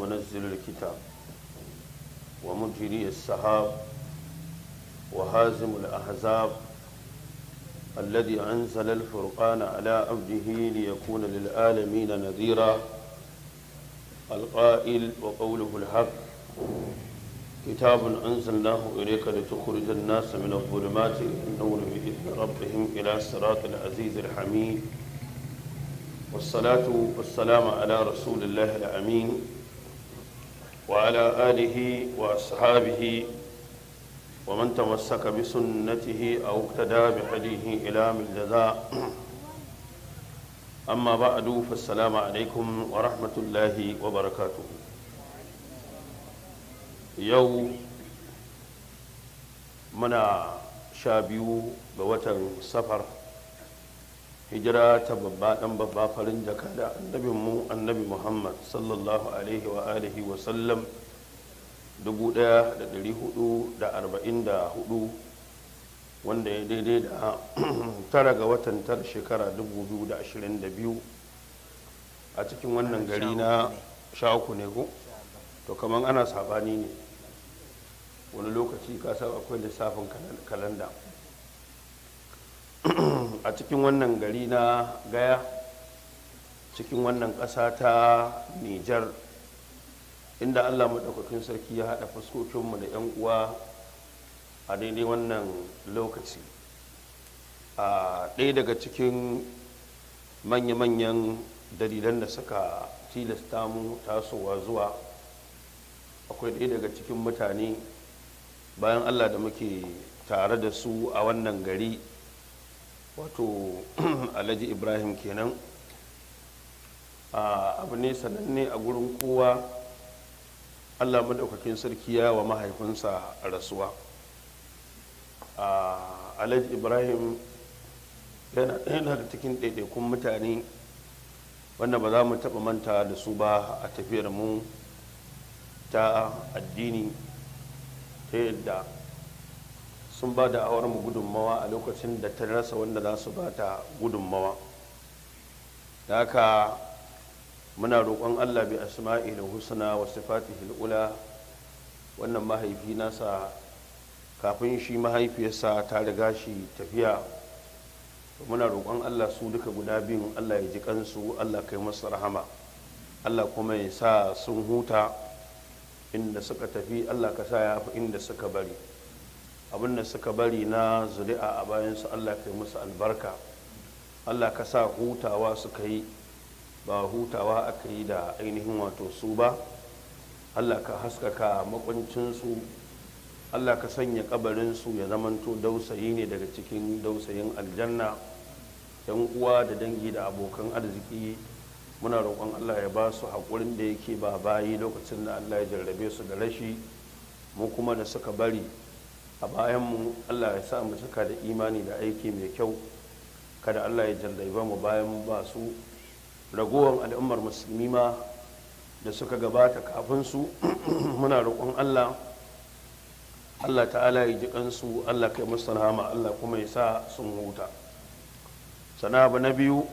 منزل الكتاب ومجري السحاب وهازم الأحزاب الذي أنزل الفرقان على عبده ليكون للعالمين نذيرا القائل وقوله الحق كتاب أنزلناه إليك لتخرج الناس من الظلمات إلى النور بإذن ربهم إلى صراط العزيز الحميد والصلاة والسلام على رسول الله الأمين وعلى آله وأصحابه ومن تمسك بسنته أو اقتدى بحديه إلى من جزاء أما بعد فالسلام عليكم ورحمة الله وبركاته يوم منا شابيو بوتر سفر hijira ta babba dan babba farin jaka da annabin mu annabi muhammad sallallahu alaihi wa alihi wa sallam 1444 wanda ya daidai da tara ga watan tar shekara 2022 a cikin wannan gari na shaku ne ko to kamar ana sabani ne wani lokaci ka akwai lissafin kalanda a cikin wannan gari na gaya cikin wannan ƙasa ta nijar inda allah maɗaukakin sarki ya haɗa fuskokinmu da 'yan uwa a daidai wannan lokaci a ɗaya daga cikin manya-manyan dalilan da suka tilasta mu tasowa zuwa akwai ɗaya daga cikin mutane bayan allah da muke tare da su a wannan gari wato alhaji ibrahim kenan abu ne sananne a gurin kowa allah madaukakin sarki ya wa mahaifinsa rasuwa alhaji ibrahim yana da daga cikin ɗaiɗaikun mutane wanda ba za mu taɓa manta da su ba a tafiyar mu ta addini ta yadda sun ba da awar mu gudunmawa a lokacin da ta rasa wanda za su ba ta gudunmawa da haka muna roƙon allah bi asma'il husna wa sifatihil ula wannan mahaifi nasa kafin shi mahaifiyarsa ta riga shi tafiya muna roƙon allah su duka guda biyun allah ya ji kansu allah kai masu rahama allah kuma ya sa sun huta inda suka tafi allah ka sa ya fi inda suka bari abinda suka bari na zuri'a a bayansu allah kai musu albarka allah ka sa hutawa suka yi ba hutawa aka yi da ainihin wato su ba allah ka haskaka makwancinsu allah ka sanya kabarinsu ya zamanto dausayi ne daga cikin dausayin aljanna yan uwa da dangi da abokan arziki muna roƙon allah ya ba su haƙurin da yake ba bayi lokacin da allah ya jarrabe su da rashi mu kuma da suka bari a bayanmu allah ya sa mu cika da imani da aiki mai kyau kada allah ya ba mu bayan ba su ragowar al'ummar musulmi ma da suka gabata kafin su muna roƙon allah allah ta'ala ya ji kansu allah kai musu sana'a allah kuma ya sa sun huta sana abu na biyu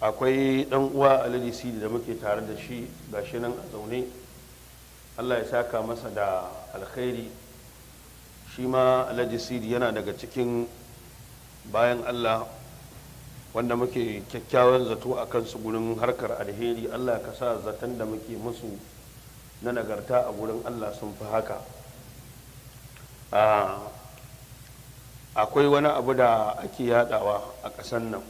akwai dan uwa alilisi da muke tare da shi gashi nan a zaune allah ya saka masa da alkhairi shi ma alhaji yana daga cikin bayan allah wanda muke kyakkyawan zato a kansu gurin harkar alheri allah ka sa zaton da muke musu na nagarta a gurin allah sun fi haka akwai wani abu da ake yadawa a ƙasan nan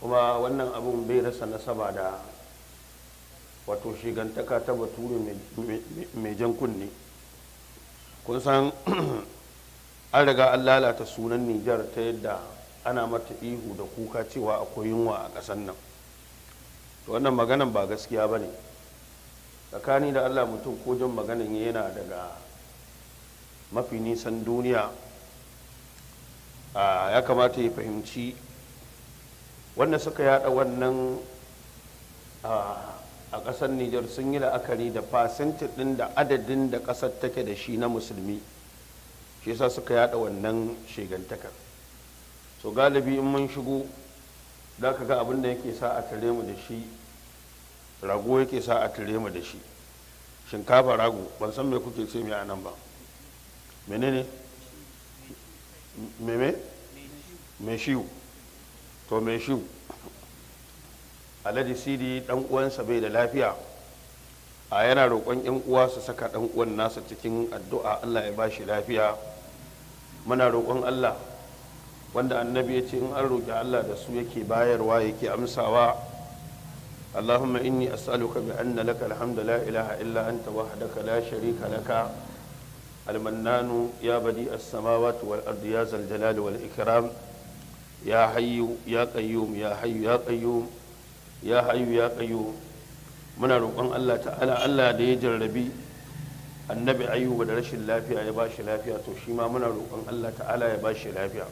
kuma wannan abun bai rasa nasaba da wato shigantaka ta bature mai jan kunne kun san an riga an lalata sunan nijar ta yadda ana mata ihu da kuka cewa akwai yunwa a ƙasan nan to wannan maganan ba gaskiya ba ne tsakani da allah mutum ko jan maganan yana daga mafi nisan duniya ya kamata ya fahimci wanda suka yada wannan a ƙasar nijar sun yi la'akari da fasintin ɗin da adadin da ƙasar take da shi na musulmi shi yasa suka yada wannan shegantakar so galibi in mun shigo za ka ga abin da yake sa a tare mu da shi rago yake sa a tare mu da shi shinkafa rago ban san me kuke ce mai nan ba menene ne me shiwu to me shiwu alhaji sidi dan uwansa bai da lafiya a yana roƙon yan uwa su saka dan uwan nasa cikin addu'a Allah ya bashi lafiya muna roƙon Allah wanda annabi ya ce in an roƙi Allah da su yake bayarwa yake amsawa Allahumma inni as'aluka bi anna laka alhamdu la ilaha illa anta wahdaka la sharika laka المنان يا بديع السماوات والأرض يا ذا الجلال والإكرام يا حي يا قيوم يا حي يا قيوم ya hayu ya kayo muna roƙon Allah ta'ala Allah da ya jarrabi annabi ayuba da rashin lafiya ya bashi lafiya to shi ma muna roƙon Allah ta'ala ya shi lafiya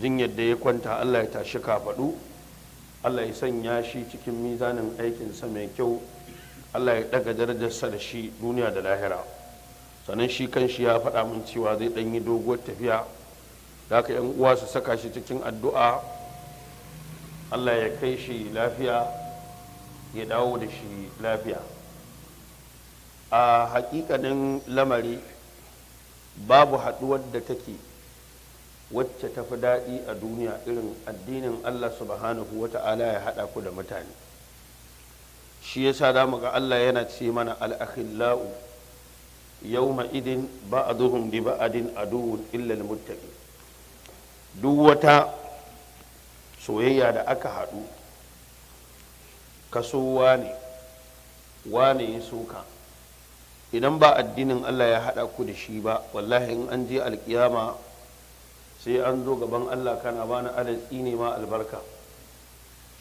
jin yadda ya kwanta Allah ya tashi kafaɗu Allah ya sanya shi cikin mizanin aikinsa mai kyau Allah ya ɗaga darajarsa da shi duniya da lahira sannan shi kan shi ya faɗa min cewa zai ɗan yi doguwar tafiya da ka 'yan uwa su saka shi cikin addu'a allah ya kai shi lafiya ya dawo da shi lafiya a hakikanin lamari babu haɗuwar da take wacce ta fi daɗi a duniya irin addinin allah subhanahu wa ta'ala ya haɗa ku da mutane shi yasa sa damu ga allah yana ce mana al'akhillau yawma idin ba'aduhum li ba'adin aduwwun illa duk wata soyayya da aka haɗu kaso wane wane ya soka idan ba addinin Allah ya haɗa ku da shi ba wallahi in an je alkiyama sai an zo gaban Allah kana bani adal tsine ma albarka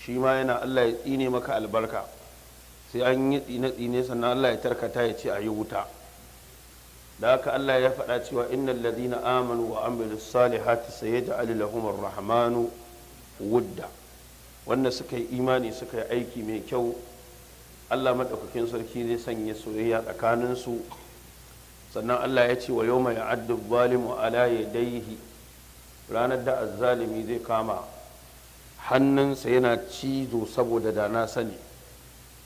shi ma yana Allah ya tsine maka albarka sai an yi tsine-tsine sannan Allah ya tarkata ya ce a yi wuta da haka Allah ya faɗa cewa innal ladina amanu wa amilus salihati sayaj'alu lahumur rahmanu wudda wanda suka yi imani suka yi aiki mai kyau allah maɗaukakin sarki zai sanya soyayya tsakaninsu sannan allah ya ce wa yau mai addu zalimu ala ya daihi ranar da azzalimi zai kama hannunsa yana cizo saboda da na sani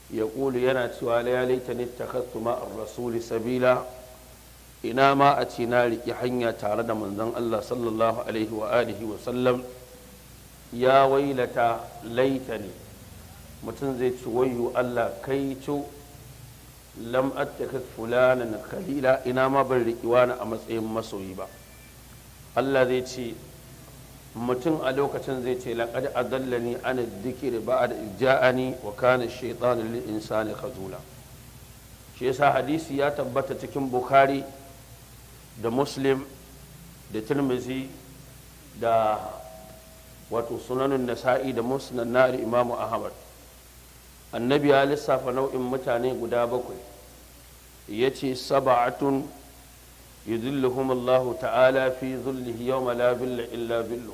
ya ƙulu yana cewa la ya laita ni rasuli sabila ina ma a ce na riƙi hanya tare da manzon allah sallallahu alaihi wa alihi wa sallam ya wailata laitani mutum zai ci wayu Allah kai ci lam attakas fulanan khalila ina ma ban riki wani a matsayin masoyi ba Allah zai ce mutum a lokacin zai ce laqad adallani an dhikri ba'da ja'ani wa kana shaytanu lil insani khazula shi yasa hadisi ya tabbata cikin bukhari da muslim da tirmizi da wato sunanun nasa'i da musnad na imamu ahmad annabi ya lissafa nau'in mutane guda bakwai ya ce saba'atun yuzilluhum allahu ta'ala fi zullihi yawma la billa illa billu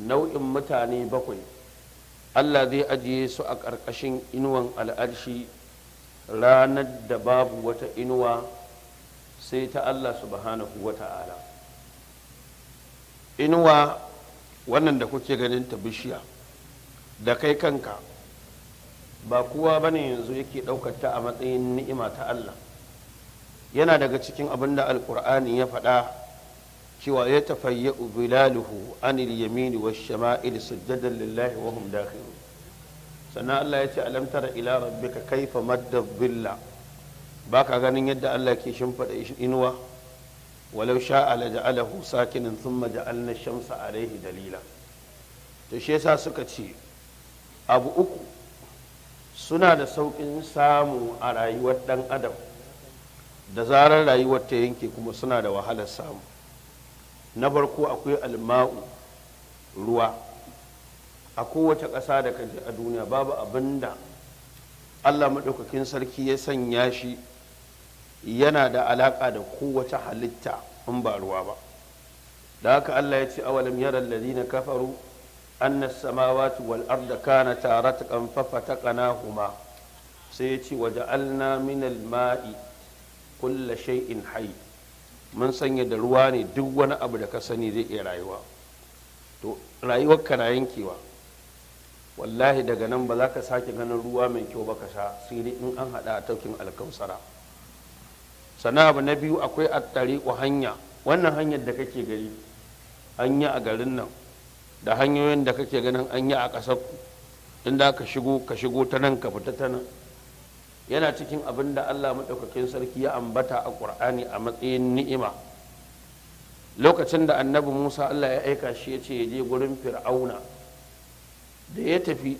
nau'in mutane bakwai allah zai ajiye su a ƙarƙashin inuwan al'arshi ranar da babu wata inuwa sai ta allah subhanahu wa ta'ala inuwa wannan da kuke ganin ta bishiya da kai kanka ba kowa bane yanzu yake ɗaukar ta a matsayin ni'ima ta Allah yana daga cikin abin da alkur'ani ya faɗa cewa ya tafayya bilaluhu anil yamini wa shama'il sujjadan lillahi wa hum dakhilun sannan Allah ya ce alam tara ila rabbika kaifa madda billa baka ganin yadda Allah ke shimfada inuwa walau sha'a la ja'alahu sun thumma ja'alna shamsa alaihi dalila to shi yasa suka ce abu uku suna da sauƙin samu a rayuwar ɗan adam da zarar rayuwar ta yanke kuma suna da wahalar samu na farko akwai alma'u ruwa a kowace ƙasa da kaji a duniya babu abin da allah maɗaukakin sarki ya sanya shi yana da alaƙa da kowace halitta in ba ruwa ba da haka Allah ya ce awalam yara na kafaru anna samawati wal'ar da kana ta ta ta kanahuma sai ya ce waje min minal ma'i kulla shay'in hai mun sanya da ruwa ne duk wani abu da ka sani zai iya rayuwa to rayuwar ka na yankewa wallahi daga nan ba za ka sake ganin ruwa mai kyau ba ka sha sai dai in an hada a taukin alkausara sannan abu na biyu akwai attariƙu hanya wannan hanyar da kake gari an yi a garin nan da hanyoyin da kake ganin an yi a ƙasar inda ka shigo ka shigo ta nan ka fita ta nan yana cikin abin da allah maɗaukakin sarki ya ambata a ƙur'ani a matsayin ni'ima lokacin da annabi musa allah ya aika shi ya ce ya je gurin fir'auna da ya tafi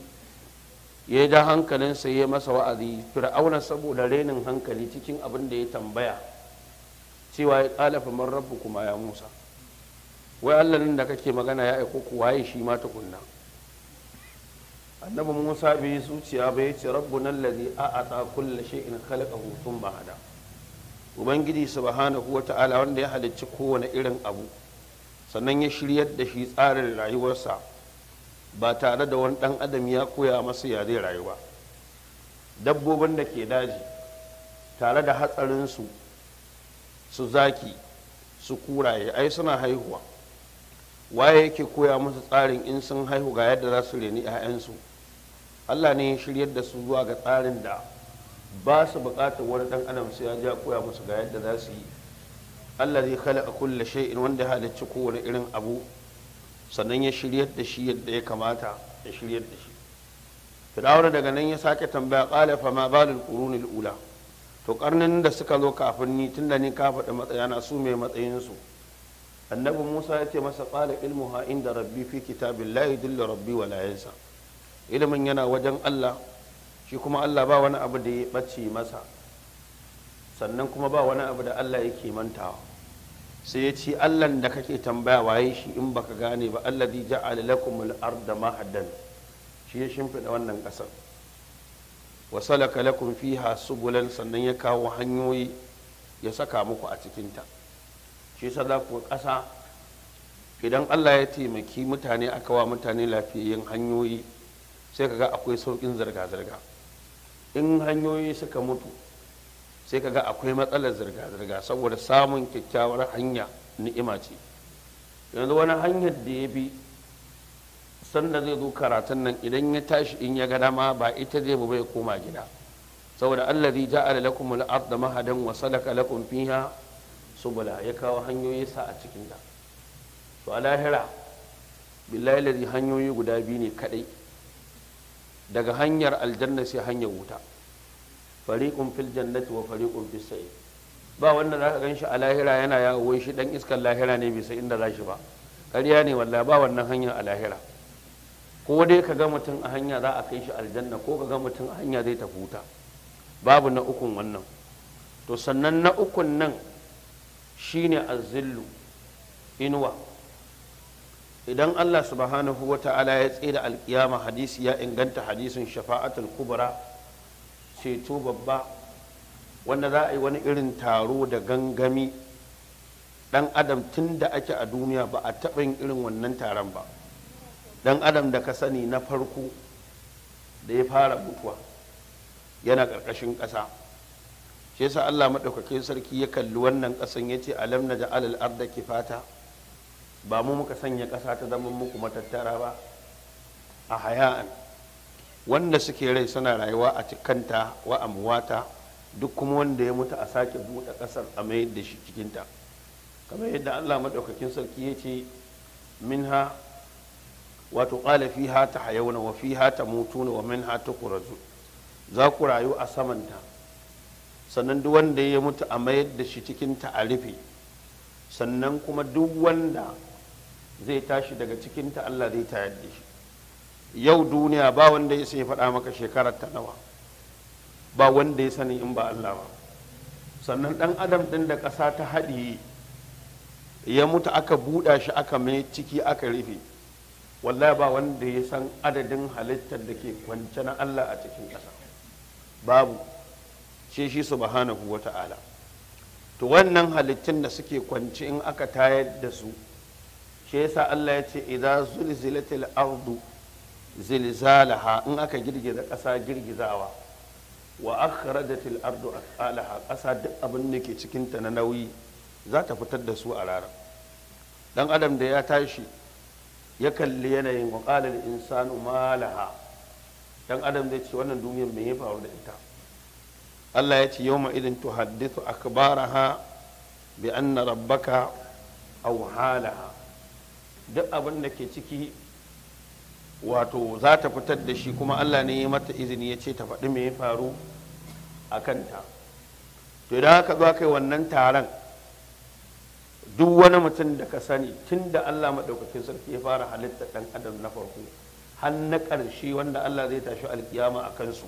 ya ji hankalinsa ya masa wa'azi fir'auna saboda renin hankali cikin abin da ya tambaya cewa ya kalafa man rabbu kuma ya musa wai allalin da kake magana ya aiko ku waye shi ma tukunna annabi musa bai zuciya ba ya ce rabbuna allazi a'ata kulli shay'in khalaqahu thumma hada ubangiji subhanahu wata'ala wanda ya halicci kowane irin abu sannan ya shiryar da shi tsarin rayuwarsa ba tare da wani dan adam ya koya masa yare rayuwa dabbobin da ke daji tare da hatsarinsu su zaki su kuraye ai suna haihuwa waye yake koya musu tsarin in sun haihu ga yadda za su reni 'ya'yansu allah ne ya shiryar da su zuwa ga tsarin da ba su bukatar wani dan adam sai ya ja koya musu ga yadda za su yi allah zai kala a kulle shai'in wanda ya halicci kowane irin abu sannan ya shiryar da shi yadda ya kamata ya shiryar da shi fir'auna daga nan ya sake tambaya qala fa ma balul qurunil ula to karnin da suka zo kafin ni tunda ni ka faɗi matsaya na su mai matsayin su annabi Musa ya ce masa qala hain inda rabbi fi kitabillahi dilla rabbi wa la yansa ilimin yana wajen Allah shi kuma Allah ba wani abu da ya bace masa sannan kuma ba wani abu da Allah yake mantawa sai ya ce allah da kake tambaya waye shi in baka gane ba allah ja'ala ja al da mahadan shi ya shimfida wannan kasar wa fi lakum su subulan sannan ya kawo hanyoyi ya saka muku a cikinta ta shi sa za ku kasa idan Allah ya taimaki mutane aka wa mutane lafiyayyen hanyoyi sai ka ga akwai saukin zirga-zirga in hanyoyi suka mutu sai ka ga akwai matsalar zirga-zirga saboda samun kyakkyawar hanya ni'ima ce yanzu wani hanyar da ya bi sanda zai zo karatun nan idan ya tashi in ya ga dama ba ita zai bu bai koma gida saboda allah zai ja'ala lakum al'ad da mahadin wa salaka lakum fiha subula ya kawo hanyoyi sa a cikin da to a lahira billahi lazi hanyoyi guda biyu ne kadai daga hanyar aljanna sai hanyar wuta fariqun fil jannati wa fariqun fis ba wanda zaka ganshi a lahira yana yawo shi dan iskar lahira ne bai san inda za shi ba ƙarya ne wallahi ba wannan hanya a lahira ko dai ka ga mutum a hanya za a kai shi aljanna ko ka ga mutum a hanya zai tafi wuta babu na ukun wannan to sannan na ukun nan shine azzillu inuwa idan Allah subhanahu wa ta'ala ya tsira alkiyama hadisi ya inganta hadisin shafa'atul kubra ceto babba wanda za a yi wani irin taro da gangami dan adam tun da ake a duniya ba a taɓa yin irin wannan taron ba dan adam da ka sani na farko da ya fara mutuwa yana ƙarƙashin ƙasa shi yasa Allah maɗaukakin sarki ya kalli wannan ƙasan ya ce alam na ja'al al kifata ba mu muka sanya ƙasa ta zama muku matattara ba a haya'an wanda suke rai suna rayuwa a cikanta wa amuwata duk kuma wanda ya mutu a sake buɗe ƙasar a mayar da shi cikinta kamar yadda allah maɗaukakin sarki ya ce ha wato ƙala ha ta hayauna wa ha ta mutuna wa ha ta kuraju za ku rayu a samanta sannan duk wanda ya mutu a mayar da shi cikinta a rufe sannan kuma duk wanda zai tashi daga cikinta allah zai tayar da shi yau duniya ba wanda ya sai faɗa maka shekarar ta nawa ba wanda ya sani in ba Allah ba sannan ɗan adam ɗin da ƙasa ta haɗi ya mutu aka buɗa shi aka mai ciki aka rufe wallahi ba wanda ya san adadin halittar da ke kwance na Allah a cikin ƙasa babu shi shi subhanahu wa ta'ala to wannan halittun da suke kwanci in aka tayar da su shi yasa Allah ya ce idan zulzilatil ardu zilzalaha in aka girgiza ƙasa girgizawa wa akhrajatil ardu asalaha ƙasa duk abin da ke cikin ta na nauyi za ta fitar da su a ranar dan adam da ya tashi ya kalli yanayin wa qala al insanu malaha dan adam ya ce wannan duniyar me ya faru da ita Allah ya ce yawma idin tuhaddithu akbaraha bi anna rabbaka awhalaha duk abin da ke ciki wato za ta fitar da shi kuma allah ne ya mata izini ya ce ta faɗi me ya faru a kanta to idan aka zo kai wannan taron duk wani mutum da ka sani tun da allah maɗaukakin sarki ya fara halitta ɗan adam na farko har na ƙarshe wanda allah zai tashi alkiyama a kansu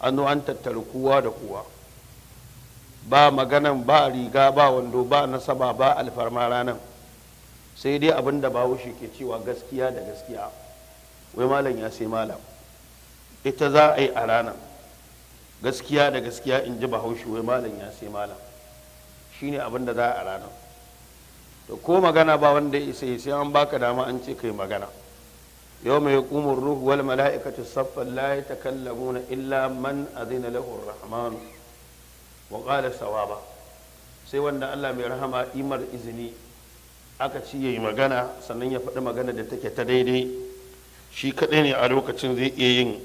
an zo an tattara kowa da kowa ba maganan ba riga ba wando ba nasaba ba alfarma ranar sai dai abin da bawo shi ke cewa gaskiya da gaskiya wai malam ya sai malam ita za a yi a ranar gaskiya da gaskiya in ji bahaushe wai malam ya sai malam shi ne abin da za a ranar da ko magana ba wanda ya isa sai an baka dama an ce kai magana yau mai hukumar ruhu wal mala'ikatu saffan la yatakallamuna illa man azina lahu rahmanu wa qala sawaba sai wanda Allah mai rahama imar izini aka ci yayi magana sannan ya faɗi magana da take ta daidai shi kaɗai ne a lokacin zai iya yin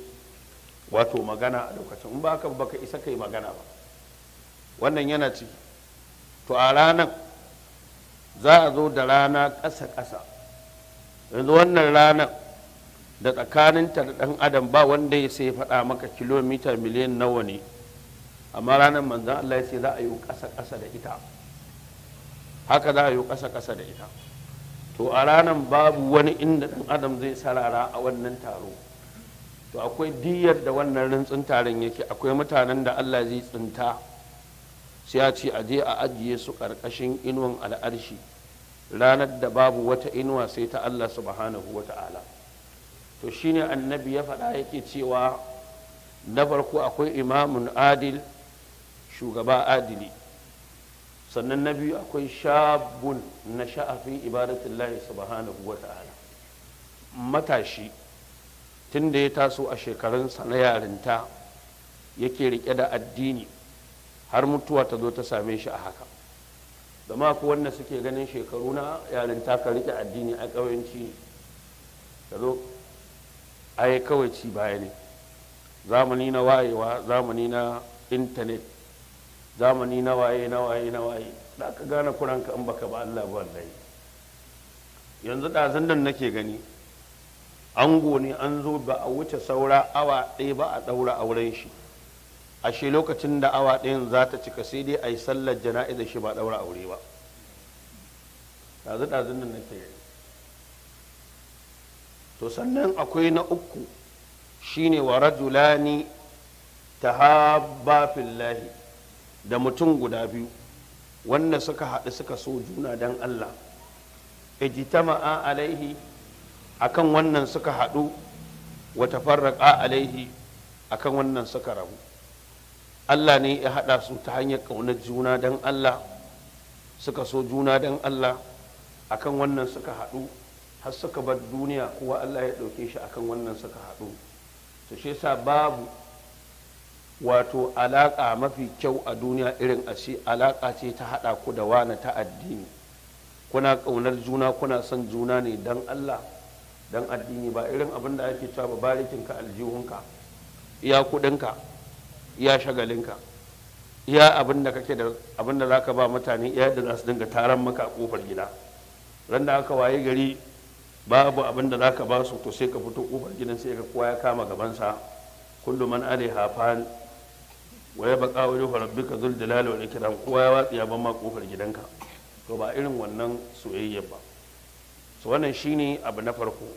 wato magana a lokacin in ba ka baka isa kai magana ba wannan yana ci to a ranar za a zo da rana ƙasa-ƙasa yanzu wannan ranar da tsakaninta da ɗan adam ba wanda ya sai faɗa maka kilomita miliyan nawa ne amma ranar manzan Allah ya sai za a yi ƙasa-ƙasa da ita haka za a yi ƙasa-ƙasa da ita to a ranar babu wani inda ɗan adam zai sarara a wannan taro to akwai diyar da wannan rintsin taron yake akwai mutanen da allah zai tsinta sai ya ce a je a ajiye su ƙarƙashin inuwan al'arshi ranar da babu wata inuwa sai ta allah subhanahu wa ta'ala to shine annabi ya faɗa yake cewa na farko akwai imamun adil shugaba adili sannan na biyu akwai shabun na sha'afi ibadatin lahi subhanahu wa ta'ala matashi tun da ya taso a shekarunsa na yarinta yake rike da addini har mutuwa ta zo ta same shi a haka da maku wanda suke ganin shekaru na yarinta ka rike addini a ƙawanci ka zo a yi kawai ci baya ne zamani na wayewa zamani na intanet zamani na waye na waye na waye da ka gane kuranka in baka ba Allah ba wallahi yanzu ɗazun nan nake gani an ne an zo ba a wuce saura awa ɗaya ba a ɗaura auren shi ashe lokacin da awa ɗayan za ta cika sai dai a yi sallar jana'iza shi ba ɗaura aure ba ɗazu ɗazun nan nake gani to sannan akwai na uku shine wa rajulani tahabba fillahi da mutum guda biyu wanda suka haɗu suka so juna don Allah ijtama'a alaihi akan wannan suka haɗu wata farraƙa alaihi akan wannan suka rabu Allah ne ya haɗa su ta hanyar ƙaunar juna don Allah suka so juna don Allah akan wannan suka haɗu har suka bar duniya kuwa Allah ya ɗauke shi akan wannan suka haɗu to shi yasa babu wato alaƙa mafi kyau a duniya irin a ce alaƙa ce ta haɗa ku da wane ta addini kuna ƙaunar juna kuna son juna ne don allah don addini ba irin abin da ake cewa ka aljihunka iya kudinka iya shagalinka iya abin da kake da abin da za ka ba mutane iya da za su dinga taron maka a kofar gida ran da aka waye gari babu abin da za ka ba su to sai ka fito kofar gidan sai ka kowa ya kama gabansa kullum man alaiha hafa. Waya ba baka wajen rabbika zul jalali wal ikram kowa ya watsi ya ban ma kofar gidanka to ba irin wannan soyayya ba so wannan shine abu na farko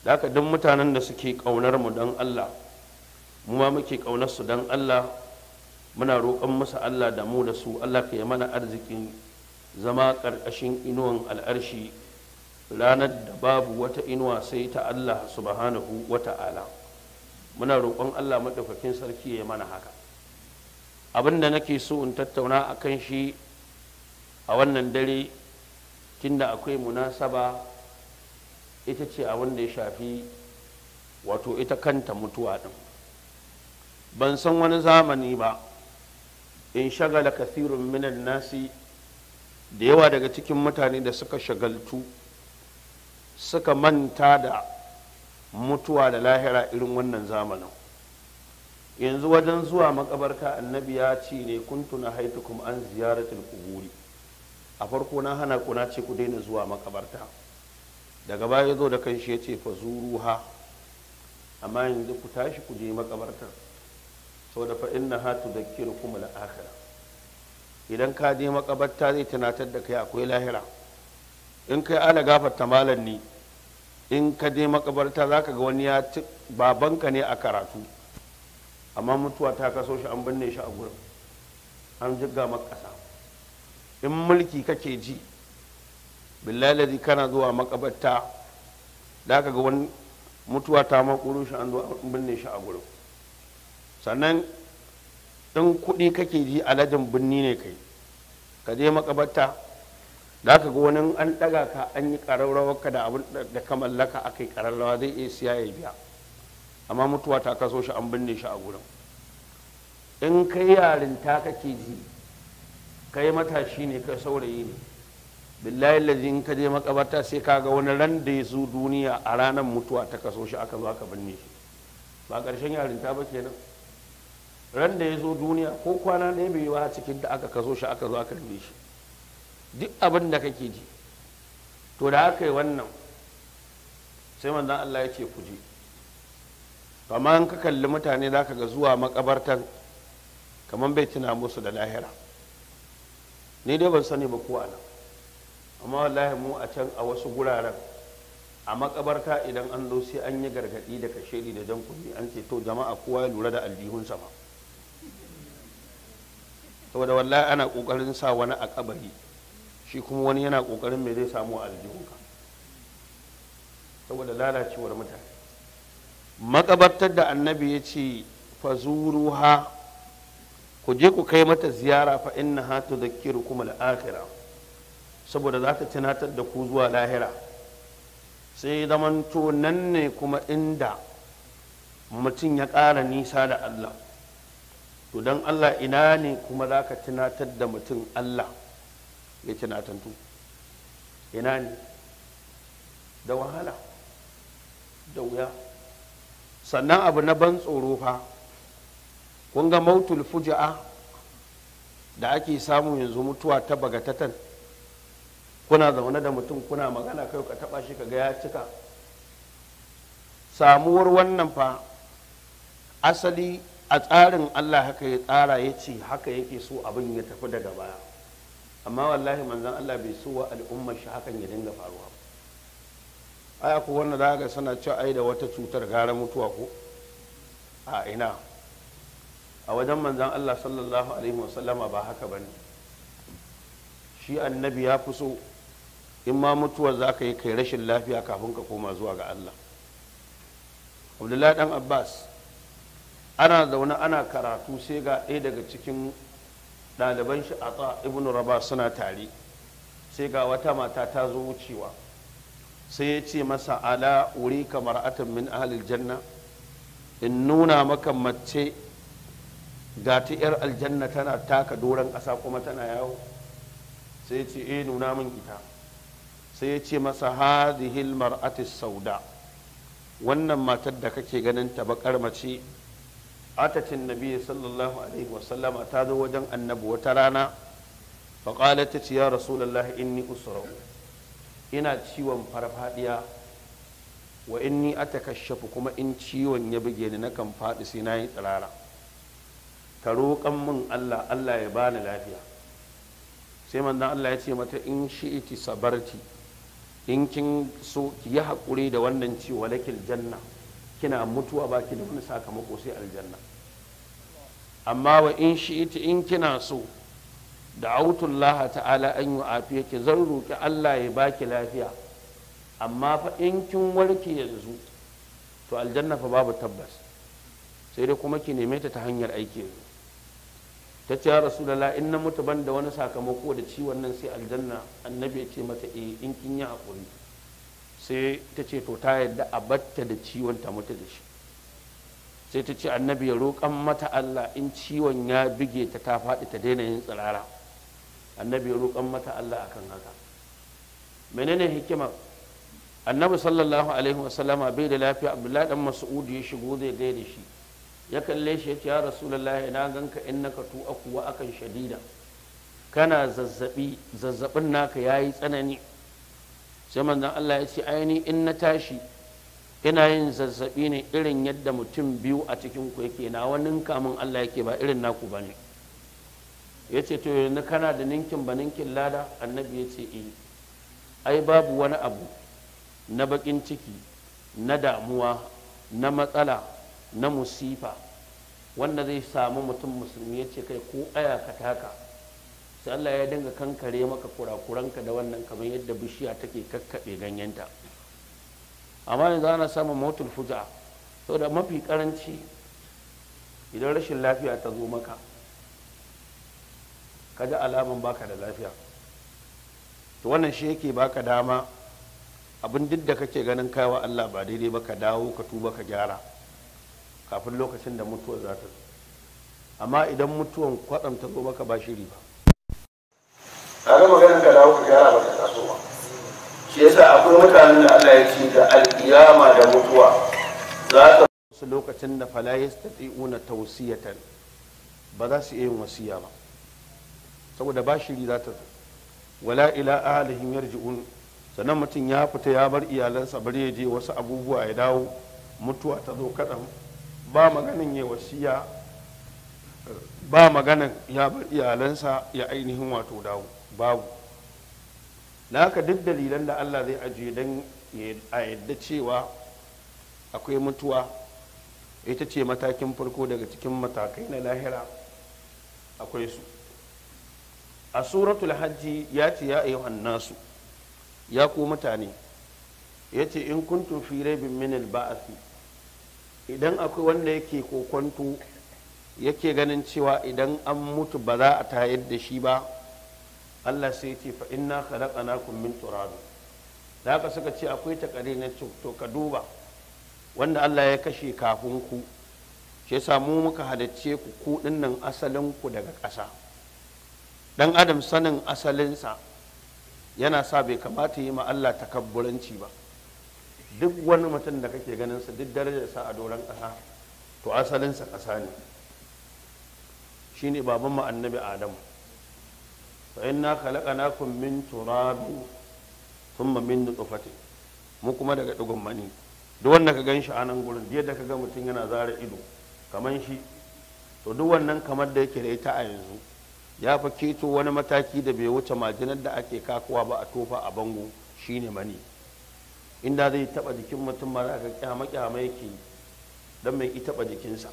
da haka duk mutanen da suke kaunar mu dan Allah mu ma muke kaunar su dan Allah muna roƙon musu Allah da mu da su Allah ka yi mana arzikin zama ƙarƙashin inuwan al'arshi ranar da babu wata inuwa sai ta Allah subhanahu wa ta'ala muna roƙon Allah maɗaukakin sarki ya mana haka abin da nake so in tattauna a kan shi a wannan dare tunda akwai munasaba ita ce abin da ya shafi wato ita kanta mutuwa ɗin ban san wani zamani ba in shagala kathirun minan nasi da yawa daga cikin mutane da suka shagaltu suka manta da mutuwa da lahira irin wannan zamanin yanzu wajen zuwa makabarta annabi ya ce ne kuntu na haitukum an ziyaratul kuburi a farko na hana kuna ce ku daina zuwa makabarta daga baya zo da kanshi ya ce fa zuruha amma yanzu ku tashi ku je makabartar saboda fa inna ha tudhakkirukum al-akhirah idan ka je makabarta zai tunatar da kai akwai lahira in kai ala gafarta malam ne in ka je makabarta zaka ga wani ya ci babanka ne a karatu amma mutuwa ta kaso shi an binne shi a gurin an jigga makasa in mulki kake ji billahi kana zuwa makabarta da ka ga wani mutuwa ta makuru shi an zo an binne shi a gurin sannan in kuɗi kake ji alajin binni ne kai ka je makabarta da ka ga wani an ɗaga ka an yi ƙararrawarka da abin da ka mallaka aka yi ƙararrawa zai iya siya ya biya amma mutuwa ta kaso shi an binne shi a gurin in kai yarinta kake ji kai matashi ne kai saurayi ne billahi lazi in ka je makabarta sai ka ga wani ran da ya zo duniya a ranar mutuwa ta kaso shi aka zo aka binne shi ba ƙarshen yarinta ba kenan ran da ya zo duniya ko kwana ɗaya bai yiwa cikin da aka kaso shi aka zo aka binne shi duk abin da kake ji to da haka yi wannan sai manzon Allah ya ce ku je kamar ka kalli mutane za ka ga zuwa makabartan kamar bai tuna musu da lahira ni dai ban sani ba ko nan amma wallahi mu a can a wasu guraren a makabarta idan an zo sai an yi gargaɗi da kashedi da jan kunni an ce to jama'a kowa ya lura da aljihun ba saboda wallahi ana kokarin sa wani a kabari shi kuma wani yana kokarin mai zai samu aljihunka saboda lalacewar mutane makabartar da annabi ya ce fazuruha ku je ku kai mata ziyara fa inna ha tudhakkiru kuma al-akhirah saboda za ta tunatar da ku zuwa lahira sai zamanto nan ne kuma inda mutum ya ƙara nisa da Allah to don Allah ina ne kuma za ka tunatar da mutum Allah ya tunatantu ina ne da wahala da wuya sannan abu na ban tsoro fa kun ga mautul fuja'a da ake samu yanzu mutuwa ta bagatatan kuna zaune da mutum kuna magana kai ka taba shi kaga ya cika samuwar wannan fa asali a tsarin Allah haka ya tsara ya ce haka yake so abin ya tafi daga baya amma wallahi manzon Allah bai so wa al'ummar shi hakan ya dinga faruwa ba. ai ko wannan za ga sana cewa ai da wata cutar gara mutuwa ko a ina a wajen manzan Allah sallallahu alaihi wasallama ba haka bane shi annabi ya fi so in ma mutuwa za ka yi kai rashin lafiya kafin ka koma zuwa ga Allah abdullahi dan abbas ana zaune ana karatu sai ga ɗaya daga cikin ɗaliban shi a ibn raba suna tare sai ga wata mata ta zo wucewa sai ya ce masa ala wuri kamar atan min ahalil janna in nuna maka mace ga ta 'yar aljanna tana taka doron ƙasa kuma tana yawo sai ya ce eh nuna min ita sai ya ce masa hadihil mar'atis sauda wannan matar da kake ganin ta bakar mace atatin nabi sallallahu alaihi wasallama ta zo wajen annabi wata rana faƙalata ce ya rasulullahi inni usra'u ina ciwon farfadiya wa in ata atakashafu kuma in ciwon ya buge ni nakan faɗi sai na yi tsirara ka roƙan min Allah Allah ya bani lafiya sai man dan Allah ya ce mata in shi'iti sabarti in kin so ki yi haƙuri da wannan ciwo lakil janna kina mutuwa ba ki da wani sakamako sai aljanna amma wa in shi'iti in kina so da laha ta'ala an yi afiya ki zan roƙi Allah ya baki lafiya amma fa in kin warke yanzu to aljanna fa babu tabbas sai dai kuma ki neme ta ta hanyar aiki yanzu ta ce ya lala in na mutu ban da wani sakamako da ciwon nan sai aljanna annabi ya ce mata eh in kin yi haƙuri sai ta ce to ta yadda a batta da ciwon ta mutu da shi sai ta ce annabi ya roƙan mata Allah in ciwon ya bige ta ta faɗi ta daina yin tsirara annabi roƙon mata Allah akan haka menene hikima annabi sallallahu alaihi wasallama bai da lafiya abdullahi dan mas'ud ya shigo zai da shi ya kalle shi ya ce ya rasulullahi na ganka innaka tu'aku wa akan shadida kana zazzabi zazzabin naka yayi tsanani sai manzon Allah ya ce aini in na tashi ina yin zazzabi ne irin yadda mutum biyu a cikin ku yake na wani kamun Allah yake ba irin naku bane ya ce to yanzu kana da ninkin ba ninkin lada annabi ya ce eh ai babu wani abu na bakin ciki na damuwa na matsala na musifa wanda zai samu mutum musulmi ya ce kai ko aya ka taka sai Allah ya dinga kankare maka kurakuranka da wannan kamar yadda bishiya take kakkaɓe ganyenta amma yanzu ana samun motul fuja saboda mafi karanci idan rashin lafiya ta zo maka ka ji alaman baka da lafiya to wannan shi yake baka dama abin duk da kake ganin kaiwa Allah ba daidai ba ka dawo ka tuba ka gyara kafin lokacin da mutuwa za ta amma idan mutuwan kwatsam ta zo baka ba shiri ba kaga maganin ka dawo ka gyara ba ka taso ba shi yasa akwai mutanen da Allah ya ce da alkiyama da mutuwa za ta wasu lokacin da ta yastati'una tawsiyatan ba za su iya yin wasiya ba saboda ba shiri za ta wala ila ahlihim yarji'un sannan mutum ya fita ya bar iyalansa bari ya je wasu abubuwa ya dawo mutuwa ta zo kadan ba maganin ya wasiya ba maganin ya bar iyalansa ya ainihin wato dawo babu na haka duk dalilan da Allah zai ajiye don a yadda cewa akwai mutuwa ita ce matakin farko daga cikin matakai na lahira akwai su a suratul hajji ya ce ya ayyuhan nasu ya ku mutane ya ce in kuntum fi raibin minil ba'asi idan akwai wanda yake kokonto yake ganin cewa idan an mutu ba za a tayar da shi ba Allah sai ce fa na khalaqnakum min turab da ka suka ce akwai takare na to ka duba wanda Allah ya kashe kafin ku shi mu muka halicce ku ku nan asalin ku daga ƙasa dan adam sanin asalinsa yana sa bai kamata yi ma Allah takabburanci ba duk wani mutum da kake ganin sa duk darajarsa a doron ƙasa to asalinsa ƙasa ne shine baban mu annabi adamu fa inna khalaqnakum min turabin thumma min nutfati mu kuma daga dugun mani duk wanda ka gan a nan gurin da ka ga mutum yana zara ido kaman shi to duk wannan kamar da yake da ita a yanzu ya fa keto wani mataki da bai wuce majinar da ake kakowa ba a tofa a bango shine mani inda zai taba jikin mutum ma za ka kyama kyama yake dan mai ita taba jikinsa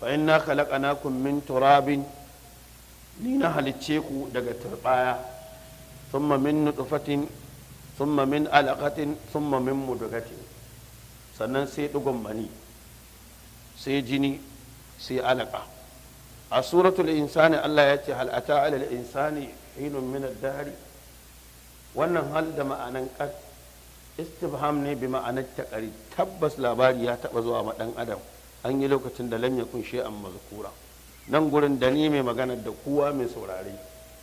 fa inna khalaqnakum min turabin ni na halicce ku daga turbaya thumma min nutfatin thumma min alaqatin thumma min mudghatin sannan sai dugun mani sai jini sai alaka a suratul insani Allah ya ce hal'ata alal insani hinun min dahari wannan hal da ma'anan kad istifham ne bi ma'anar takari tabbas labari ya taba zuwa ma dan adam an yi lokacin da lam yakun shay'an mazkura nan gurin da ni mai magana da kowa mai saurare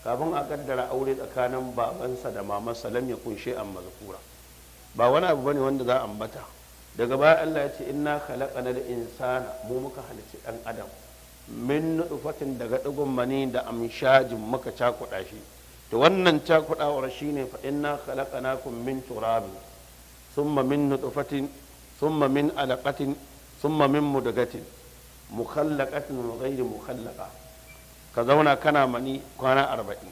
kafin a kaddara aure tsakanin babansa da mamansa lam yakun shay'an mazkura ba wani abu bane wanda za a ambata daga baya Allah ya ce inna khalaqana al insana mu muka halicci dan adam min nufatin daga digon mani da amshajin muka cakuɗa shi to wannan cakuɗawar shine fa inna khalaqnakum min turabi thumma min sun thumma min alaqatin thumma min mudagatin mukhallaqatin wa ghayri mukhallaqa ka zauna kana mani kwana arba'in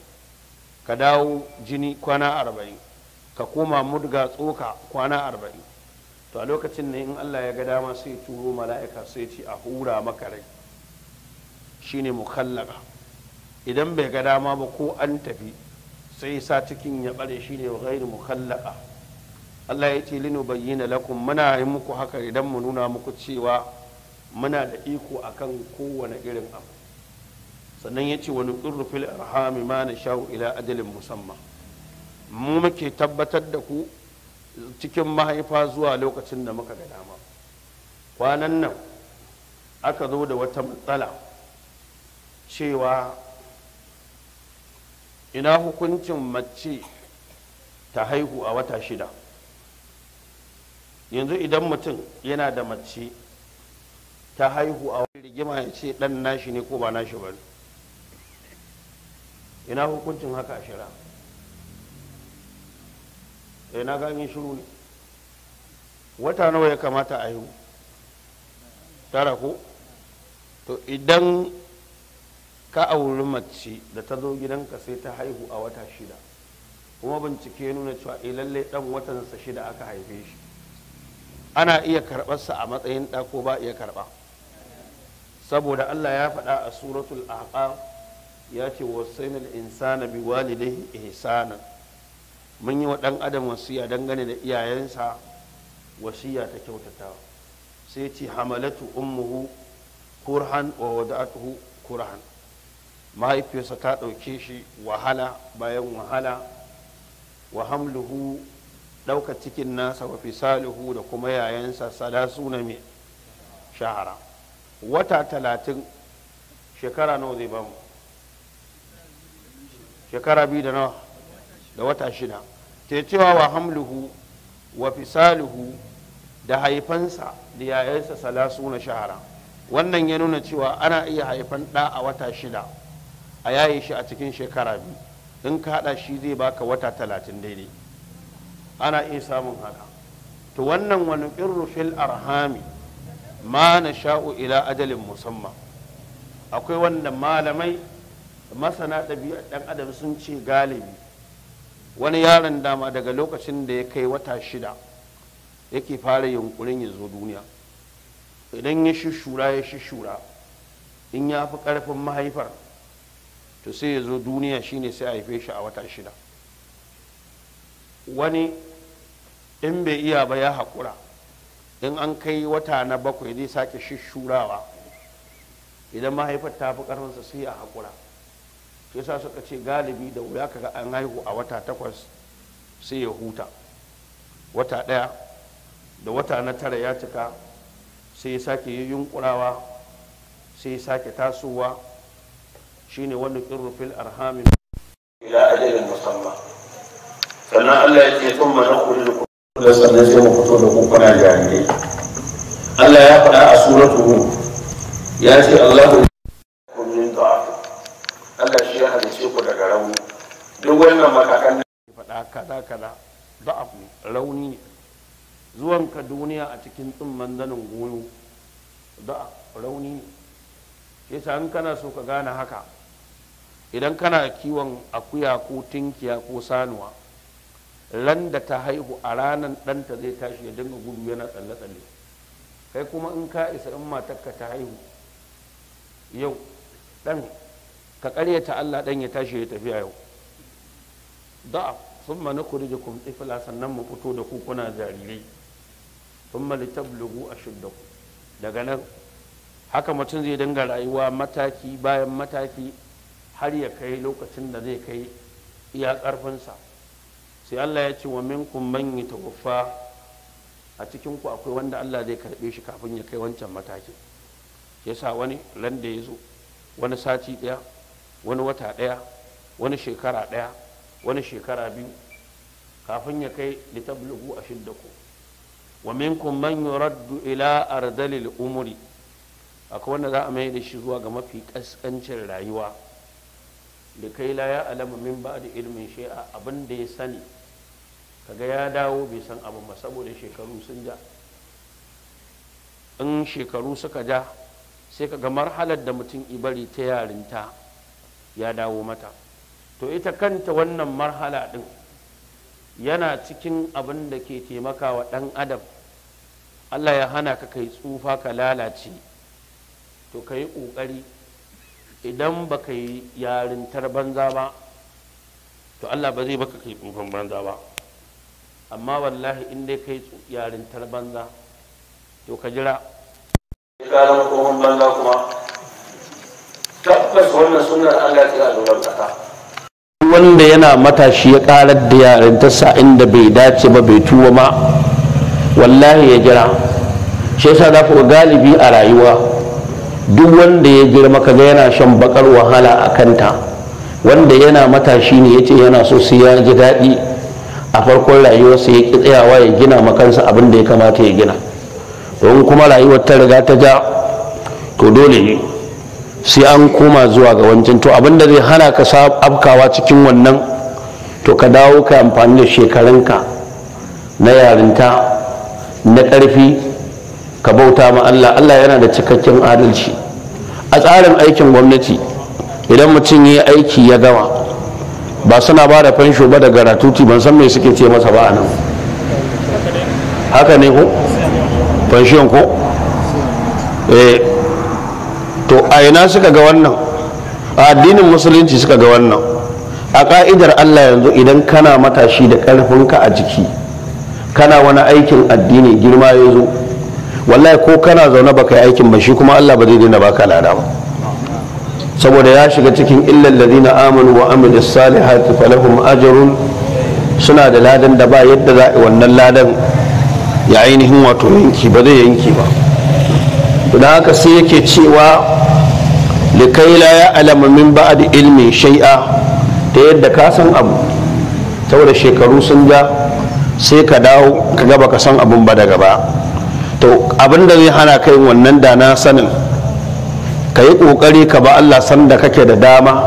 ka dawo jini kwana arba'in ka koma mudga tsoka kwana arba'in to a lokacin ne in allah ya ga dama sai turo mala'ika sai ce a hura maka rai shine mukallaga idan bai ga dama ba ko an tafi sai sa cikin ya bare shine ghairu mukallaka Allah ya ce linu bayyana lakum muna yi muku haka idan mu nuna muku cewa muna da iko akan kowane irin abu sannan ya ce wani fil arhami ma na sha'u ila ajalin musamman mu muke tabbatar da ku cikin mahaifa zuwa lokacin da muka ga dama kwanan nan aka zo da wata matsala cewa ina hukuncin mace ta haihu a wata shida yanzu idan mutum yana da mace ta haihu a wani rigima ya ce dan nashi ne ko ba nashi ba ina hukuncin haka a shira ina eh, gani shiru ne wata nawa ya kamata a yi tara ko to idan ka a wurin mace da ta zo gidanka sai ta haihu a wata shida kuma bincike nuna cewa a eh, lalle dan watansa shida aka haife shi ana iya karɓarsa a matsayin ɗa ko ba iya karɓa saboda Allah ya faɗa a suratul ahqaf ya ce wasainal insana bi walidai ihsanan mun yi wa ɗan adam wasiya dangane da iyayensa wasiya ta kyautata sai ce hamalatu ummuhu kurhan wa wada'atuhu kurhan mahaifiyarsa ta ɗauke shi wahala bayan wahala wa hamluhu ɗauka cikin nasa wa fisaluhu da kuma yayansa sada suna mai shahara wata talatin shekara nawa zai bamu shekara biyu da nawa da wata shida ke cewa wa hamluhu wa fisaluhu da haifansa da yayansa sada suna shahara wannan ya nuna cewa ana iya haifan ɗa a wata shida a yayi shi a cikin shekara biyu in ka hada shi zai baka wata talatin daidai ana iya samun haka to wannan wani irru fil arhami ma na sha'u ila ajalin musamman akwai wanda malamai masana ɗabi'a ɗan adam sun ce galibi wani yaron dama daga lokacin da ya kai wata shida yake fara yunkurin ya zo duniya idan ya shishura ya shishura in ya fi ƙarfin mahaifar to sai ya zo duniya shine sai a haife shi a wata shida wani in bai iya ba ya haƙura in an kai wata na bakwai zai sake shishurawa idan mahaifar ta fi ƙarfinsa sai a haƙura shi sa suka ce galibi da wuya kaga an haihu a wata takwas sai ya huta wata ɗaya da wata na tara ya cika sai ya sake yi yunkurawa sai ya sake tasowa shine wannan qirru fil arham ila ajalin musamma sannan Allah ya ce thumma nukhrijukum da sannan sai mu fito da ku kuna jami'ai Allah ya faɗa a suratu hu ya ce Allah min da'af Allah shi ya halice ku daga rauni duk wannan matakan faɗa kaza kaza da'af rauni ne Zuwan ka duniya a cikin tsumman zanin goyo da rauni ne shi yasa kana so ka gane haka idan kana kiwon akuya ko tinkiya ko sanuwa ran da ta haihu a ranan ɗanta zai tashi ya dinga gudu yana tsalle-tsalle kai kuma in ka isa in matarka ta haihu yau ɗan ka ta Allah ɗan ya tashi ya tafiya yau da'a sun ma nukuri da kun tsifila sannan mu fito da ku kuna jarirai sun ma a daga nan haka mutum zai dinga rayuwa mataki bayan mataki har ya kai lokacin da zai kai iya ƙarfinsa sai Allah ya ce wa minkum man yatawaffa a cikin ku akwai wanda Allah zai karbe shi kafin ya kai wancan mataki yasa wani ran da ya zo wani sati ɗaya wani wata ɗaya wani shekara ɗaya wani shekara biyu kafin ya kai litablugu ku wa minkum man yuraddu ila ardalil umuri akwai wanda za a mai da shi zuwa ga mafi kaskancin rayuwa da kai la ya alamu min ba da ilmin shi'a abin da ya sani kaga ya dawo bai san abin ba saboda shekaru sun ja in shekaru suka ja sai kaga marhalar da mutum ibari ta yarinta ya dawo mata to ita kanta wannan marhala din yana cikin abin da ke taimakawa ɗan adam allah ya hana ka kai tsufa ka lalace to ka yi ƙoƙari idan baka yi yarintar banza ba to Allah ba zai baka kai tsufan banza ba amma wallahi in dai yi yarintar banza to ka jira kalan kohon banza kuma tabbas wannan sunan Allah ya tsira doron kasa wanda yana matashi ya karar da yarintarsa inda bai dace ba bai tuwa ma wallahi ya jira shi yasa za ku galibi a rayuwa duk wanda ya girma kaga yana shan bakar wahala a kanta wanda yana matashi ne yace yana so sai ya ji daɗi a farkon rayuwarsa ya ki tsayawa ya gina makansa abin da ya kamata ya gina don kuma rayuwar ta riga ta ja to dole ne sai an koma zuwa ga wancan to abin da zai hana ka sa afkawa cikin wannan to ka dawo ka amfani da shekarunka na yarinta na ƙarfi ka bauta ma Allah Allah yana da cikakken adalci a tsarin aikin gwamnati idan mutum ya aiki ya gama ba suna ba da fansho ba da garatuti ban san me suke ce masa ba a nan haka ne ko fanshiyon ko eh to a ina suka ga wannan a addinin musulunci suka ga wannan a ka'idar Allah yanzu idan kana matashi da ƙarfinka a jiki kana wani aikin addini girma ya zo wallahi ko kana zaune baka yi aikin ba shi kuma Allah ba zai daina baka lada ba saboda ya shiga cikin illal ladina amanu wa amilu salihati falahum ajrun suna da ladan da ba yadda za a wannan ladan ya ainihin wato yanki ba zai yanki ba don haka sai yake cewa likai la ya alama min ba'ad ilmin shai'a ta yadda ka san abu saboda shekaru sun ja sai ka dawo ka gaba ka san abun ba daga ba to abin da zai hana kai wannan da na sanin ka yi ƙoƙari ka ba allah sanda kake da dama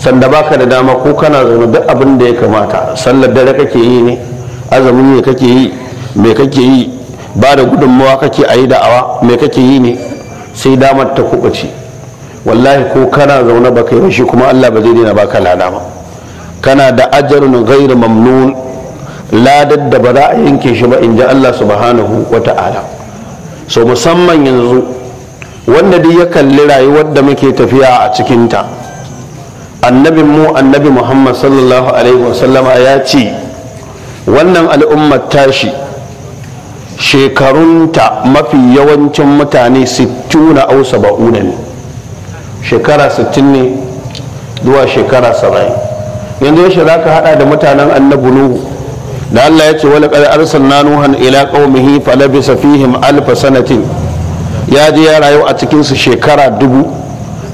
sanda baka da dama ko kana zama duk abin da ya kamata sallar dare kake yi ne azumin ne kake yi me kake yi ba da gudunmawa kake a yi da'awa me kake yi ne sai damar ta kubaci wallahi ko kana zaune ba kai shi kuma allah ba zai daina baka lada ba kana da ajarin gairu mamnun ladar da ba za a yanke shi ba in ji Allah subhanahu wa ta'ala so musamman yanzu wanda duk ya kalli rayuwar da muke tafiya a cikinta annabin mu annabi muhammad sallallahu alaihi wasallama ya ce wannan al'ummar tashi shekarunta mafi yawancin mutane 60 na au 70 ne shekara 60 ne zuwa shekara 70 yanzu shi za ka hada da mutanen annabi nuhu da Allah ya ce wani ƙari arsan nanu nuhan ila ƙaumihi falabi safihim alfa sanatin ya je ya rayu a cikinsu shekara dubu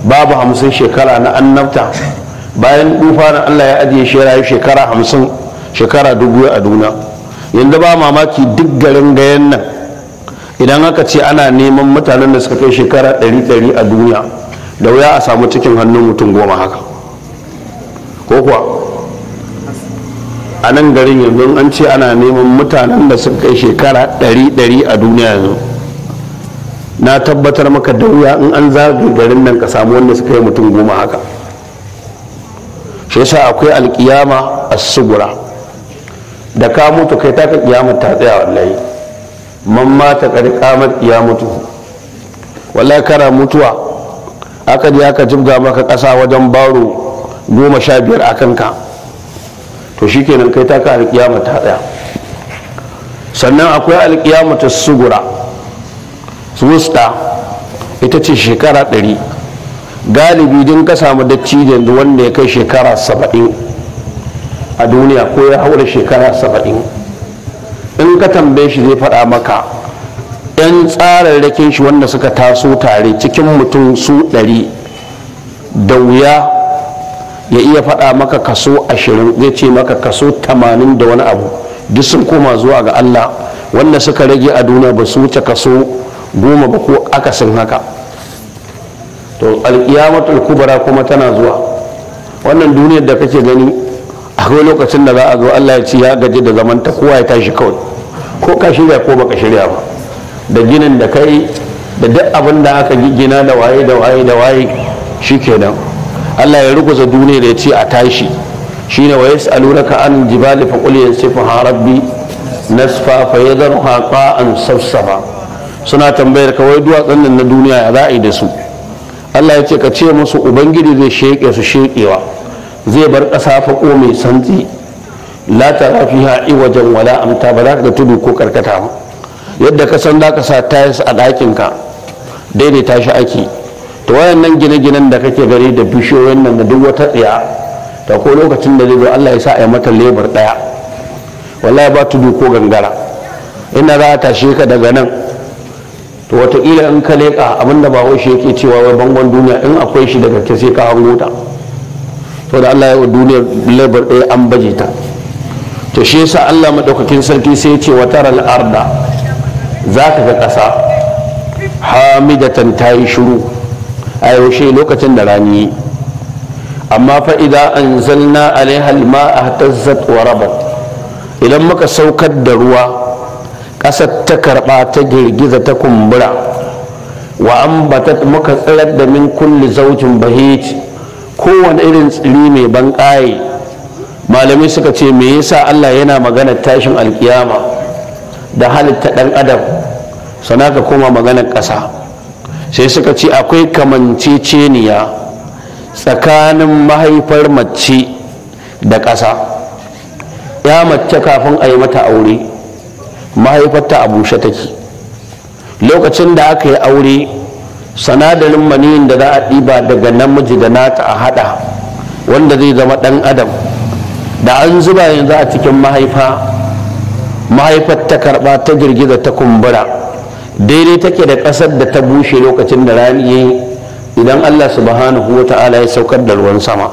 babu hamsin shekara na annabta bayan dufa na Allah ya ajiye shi rayu shekara hamsin shekara dubu a duna yanzu ba mamaki duk garin gayan nan idan aka ce ana neman mutanen da suka kai shekara ɗari ɗari a duniya da wuya a samu cikin hannun mutum goma haka ko kuwa a nan garin yanzu an ce ana neman mutanen da sun kai shekara ɗari a duniya yanzu na tabbatar maka da wuya in an zagi garin nan ka samu wanda suka yi mutum goma haka shi yasa akwai alkiyama a sugura da ka mutu kai ta ka kiyamar ta tsaya wallahi man mata kari kamar kiyamatu wallahi kara mutuwa aka je aka jibga maka ƙasa wajen baro goma sha biyar a kanka to shi kenan kai ka alƙiyama ta tsaya sannan akwai alƙiyama ta sugura wusta ita ce shekara ɗari galibi din ka samu da yanzu wanda ya kai shekara saba'in a duniya ko ya haura shekara saba'in in ka tambaye shi zai faɗa maka 'yan tsararrakin shi wanda suka taso tare cikin mutum su ɗari da wuya ya iya faɗa maka kaso ashirin zai ce maka kaso tamanin da wani abu duk sun koma zuwa ga allah wanda suka rage a duniya ba su wuce kaso goma ba ko akasin haka to alkiyamatul kubra kuma tana zuwa wannan duniyar da kake gani akwai lokacin da za a zo allah ya ci ya gaji da zamanta kowa ya tashi kawai ko ka shirya ko baka shirya ba da ginin da kai da duk abin da aka gina da waye da waye da waye shi kenan Allah ya ruguza duniya da ya ce a tashi Shi ne wa ka an jibali fa qul yansifuha rabbi nasfa fa an qa'an safsafa suna tambayar kawai wai duwatsun nan na duniya ya yi da su Allah ya ce ka ce musu ubangiji zai sheƙe su sheƙewa. zai bar ƙasa faƙo mai santsi la rafi fiha iwajan wala amta ba za ka tudu ko karkata ba yadda ka san za ka sa tayas a ɗakinka. ka daidaita shi ake to wayannan gine-ginen da kake gari da bishiyoyin nan da duk wata tsaya ta ko lokacin da zai Allah ya sa a yi mata lebar daya wallahi ba tudu ko gangara ina za a tashe ka daga nan to wataƙila in ka leƙa abinda ba shi yake cewa wai bangon duniya in akwai shi daga ta sai ka hango ta to da Allah ya wa duniyar lebar ɗaya an baje ta to shi yasa Allah madaukakin sarki sai ya ce wa taral arda za ka ga ƙasa hamidatan ta yi shiru a yaushe lokacin da rani amma fa idan anzalna alaiha alma wa rabat idan muka saukar da ruwa ƙasar ta karɓa ta girgiza ta kumbura wa ambatat muka tsirar da min kulli zaujin Bahit, kowane irin tsiri mai ban malamai suka ce me yasa Allah yana magana tashin alkiyama da halitta ɗan adam sana ka koma maganar ƙasa sai suka ce akwai kamanceceniya tsakanin mahaifar mace da ƙasa ya mace kafin a yi mata aure mahaifarta a bushe take lokacin da aka yi aure sanadarin maniyin da za a ɗiba daga namiji da nata a haɗa wanda zai zama ɗan adam da an zuba yanzu a cikin mahaifa mahaifar ta karɓa ta girgiza ta kumbura daidai take da ƙasar da ta bushe lokacin da rani ya yi idan allah subhanahu wa ta'ala ya saukar da ruwan sama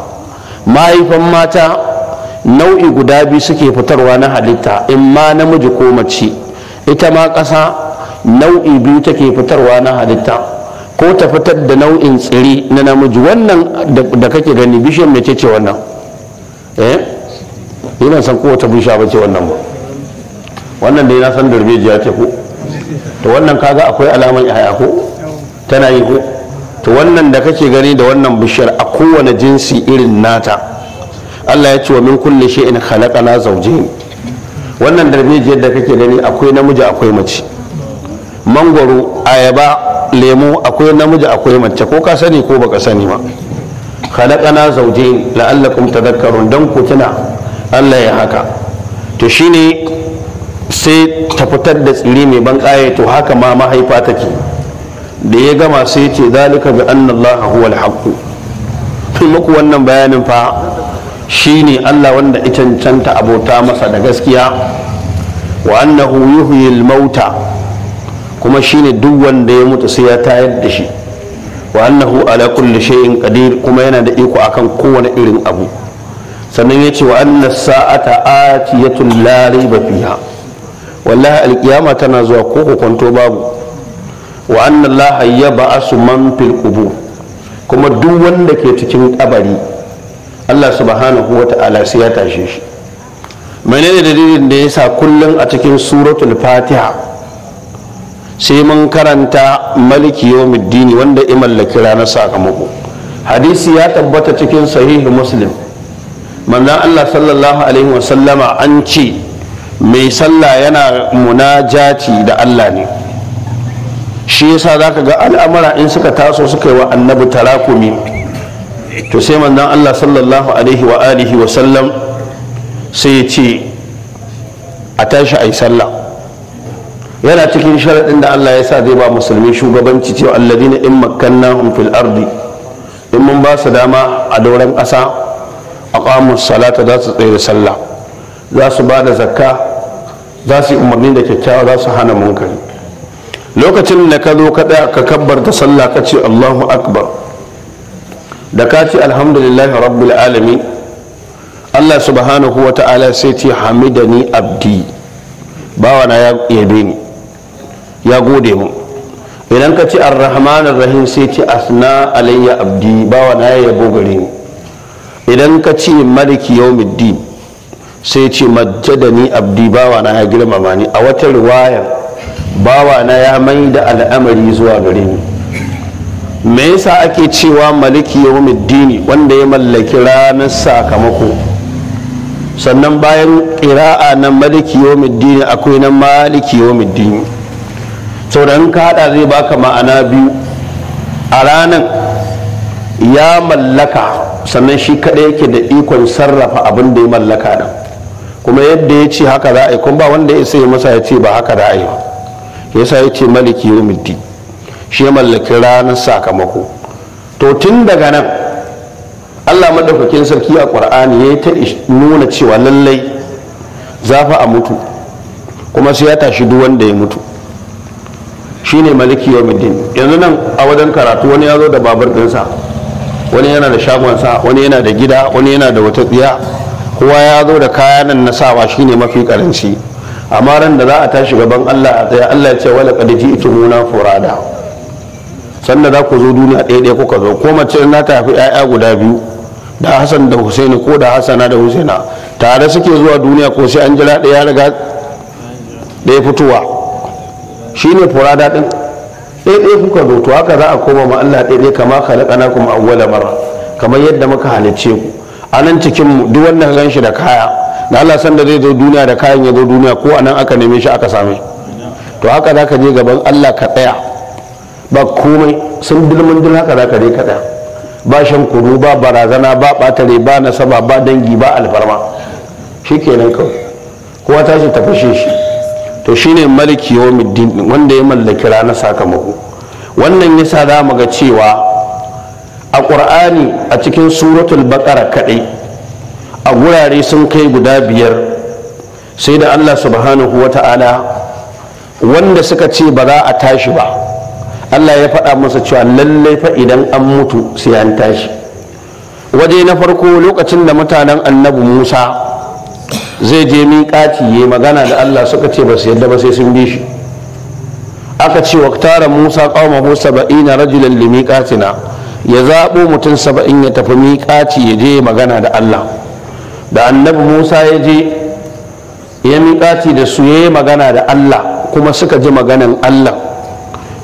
mahaifan mata nau'i guda biyu suke fitarwa na halitta in ma namiji ko mace ita ma ƙasa nau'i biyu take fitarwa na halitta ko ta fitar da nau'in tsiri na namiji wannan da kake gani bishiyar mai ce wannan eh ina san ko wata bishiya ba ce wannan ba wannan da na san darbejiya ce ko to wannan kaga akwai alamar yaya ko tana yi ko to wannan da kake gani da wannan bishiyar a kowane jinsi irin nata Allah ya ce wa min kulli shay'in khalaqana zawjayn wannan darbejiyar da kake gani akwai namiji akwai mace mangwaro ayaba lemo akwai namiji akwai mace ko ka sani ko baka sani ba khalaqana zawjayn la'allakum tadhakkarun dan ku tuna Allah ya haka to shine sai ta fitar da tsiri mai ban to haka ma mahaifa ke da ya gama sai ce zalika bi anna Allah huwa al muku wannan bayanin fa shine Allah wanda ya cancanta abota masa da gaskiya wa annahu yuhyi al-mauta kuma shine duk wanda ya mutu sai ya tayar da shi wa annahu ala kulli shay'in qadir kuma yana da iko akan kowane irin abu sannan ya ce wa anna sa'ata atiyatun la ba fiha wallahi alkiyama tana zuwa ko kwanto babu wa annallaha ya su man fil kuma duk wanda ke cikin kabari Allah subhanahu wa ta'ala sai ya tashe shi menene dalilin da ya sa kullum a cikin suratul fatiha sai mun karanta maliki yawmiddini wanda ya mallaki ranar sakamako hadisi ya tabbata cikin sahihi muslim manzon Allah sallallahu alaihi wasallama an ce mai sallah yana munajati da Allah ne shi yasa zaka ga al'amura in suka taso suka yi wa annabi tarakumi to sai manzon Allah sallallahu alaihi wa alihi wa sallam sai ya ce a tashi ayi sallah yana cikin sharaɗin da Allah ya sa zai ba musulmi shugabanci cewa alladina in makkannahum fil ardi in mun ba su dama a dauran ƙasa aqamu salata za su tsaye da sallah za su ba da zakka za su yi umarni da kyakkyawa za su hana munkari lokacin da ka zo kaɗa ka kabbar da sallah ka ce allahu akbar da ka ce alhamdulillah rabbul alami allah subhanahu wa ta'ala sai ce hamidani abdi bawana ya yabe ni ya gode mu idan ka ce ar-rahman rahim sai ce asna alayya abdi bawana ya yabo gare ni idan ka ce maliki yawmiddin sai ce majjadani abdi bawa na ya girmama ni a wata riwaya bawa na ya mai da al'amari zuwa gare ni me yasa ake cewa maliki ya dini wanda ya mallaki ranar sakamako sannan bayan ƙira'a na maliki dini akwai na maliki yawmiddini sau da ka hada zai baka ma'ana biyu a ranar ya mallaka sannan shi kaɗai yake da ikon sarrafa abin da ya mallaka nan kuma yadda ya ce haka za a yi kuma ba wanda ya sai masa ya ce ba haka za a yi ba. ya ce maliki yawmiddin shi ya mallaki ranar sakamako to tun daga nan Allah maɗaukakin sarki a Qur'ani ya yi ta nuna cewa lallai za fa a mutu kuma sai ya tashi duk wanda ya mutu Shi ne maliki yawmiddin yanzu nan a wajen karatu wani ya zo da babar ɗinsa wani yana da shagonsa wani yana da gida wani yana da wata tsiya kowa ya zo da kayanan na sawa shine mafi karanci amma ran da za a tashi gaban Allah a tsaye Allah ya ce wala qad muna furada sannan za ku zo duniya ɗaya ɗaya kuka zo ko mace na tafi ƴaƴa guda biyu da Hassan da Hussein ko da Hassana da Husaina tare suke zuwa duniya ko sai an jira ɗaya riga ɗaya fitowa shine furada din ɗaya ɗaya kuka zo to haka za a koma ma Allah ɗaya ɗaya kama khalaqnakum awwala marra kamar yadda muka halicce ku a nan cikin duk wanda gan shi da kaya da Allah san da zai zo duniya da kayan ya zo duniya ko a nan aka neme shi aka same to haka za ka je gaban Allah ka tsaya ba komai sun dilmin dil haka za ka je ka tsaya ba shan ba barazana ba batare ba nasaba ba dangi ba alfarma shi kenan kawai kowa ta shi tafashe shi to shine maliki yawmiddin wanda ya mallaki ranar sakamako wannan yasa za mu ga cewa a ƙur'ani a cikin suratul baƙara kaɗai a gurare sun kai guda biyar sai da allah subhanahu wa ta'ala wanda suka ce ba za a tashi ba allah ya faɗa masa cewa lallai fa idan an mutu sai an tashi waje na farko lokacin da mutanen annabi musa zai je miƙaci ya magana da allah suka ce ba su yadda ba sai sun bi shi aka ce wa tara musa ƙauma musa ba'ina rajulan limiƙatina ya zaɓo mutum saba'in ya tafi miƙaci ya je magana da Allah da annabi Musa ya je ya miƙaci da su ya magana da Allah kuma suka ji maganan Allah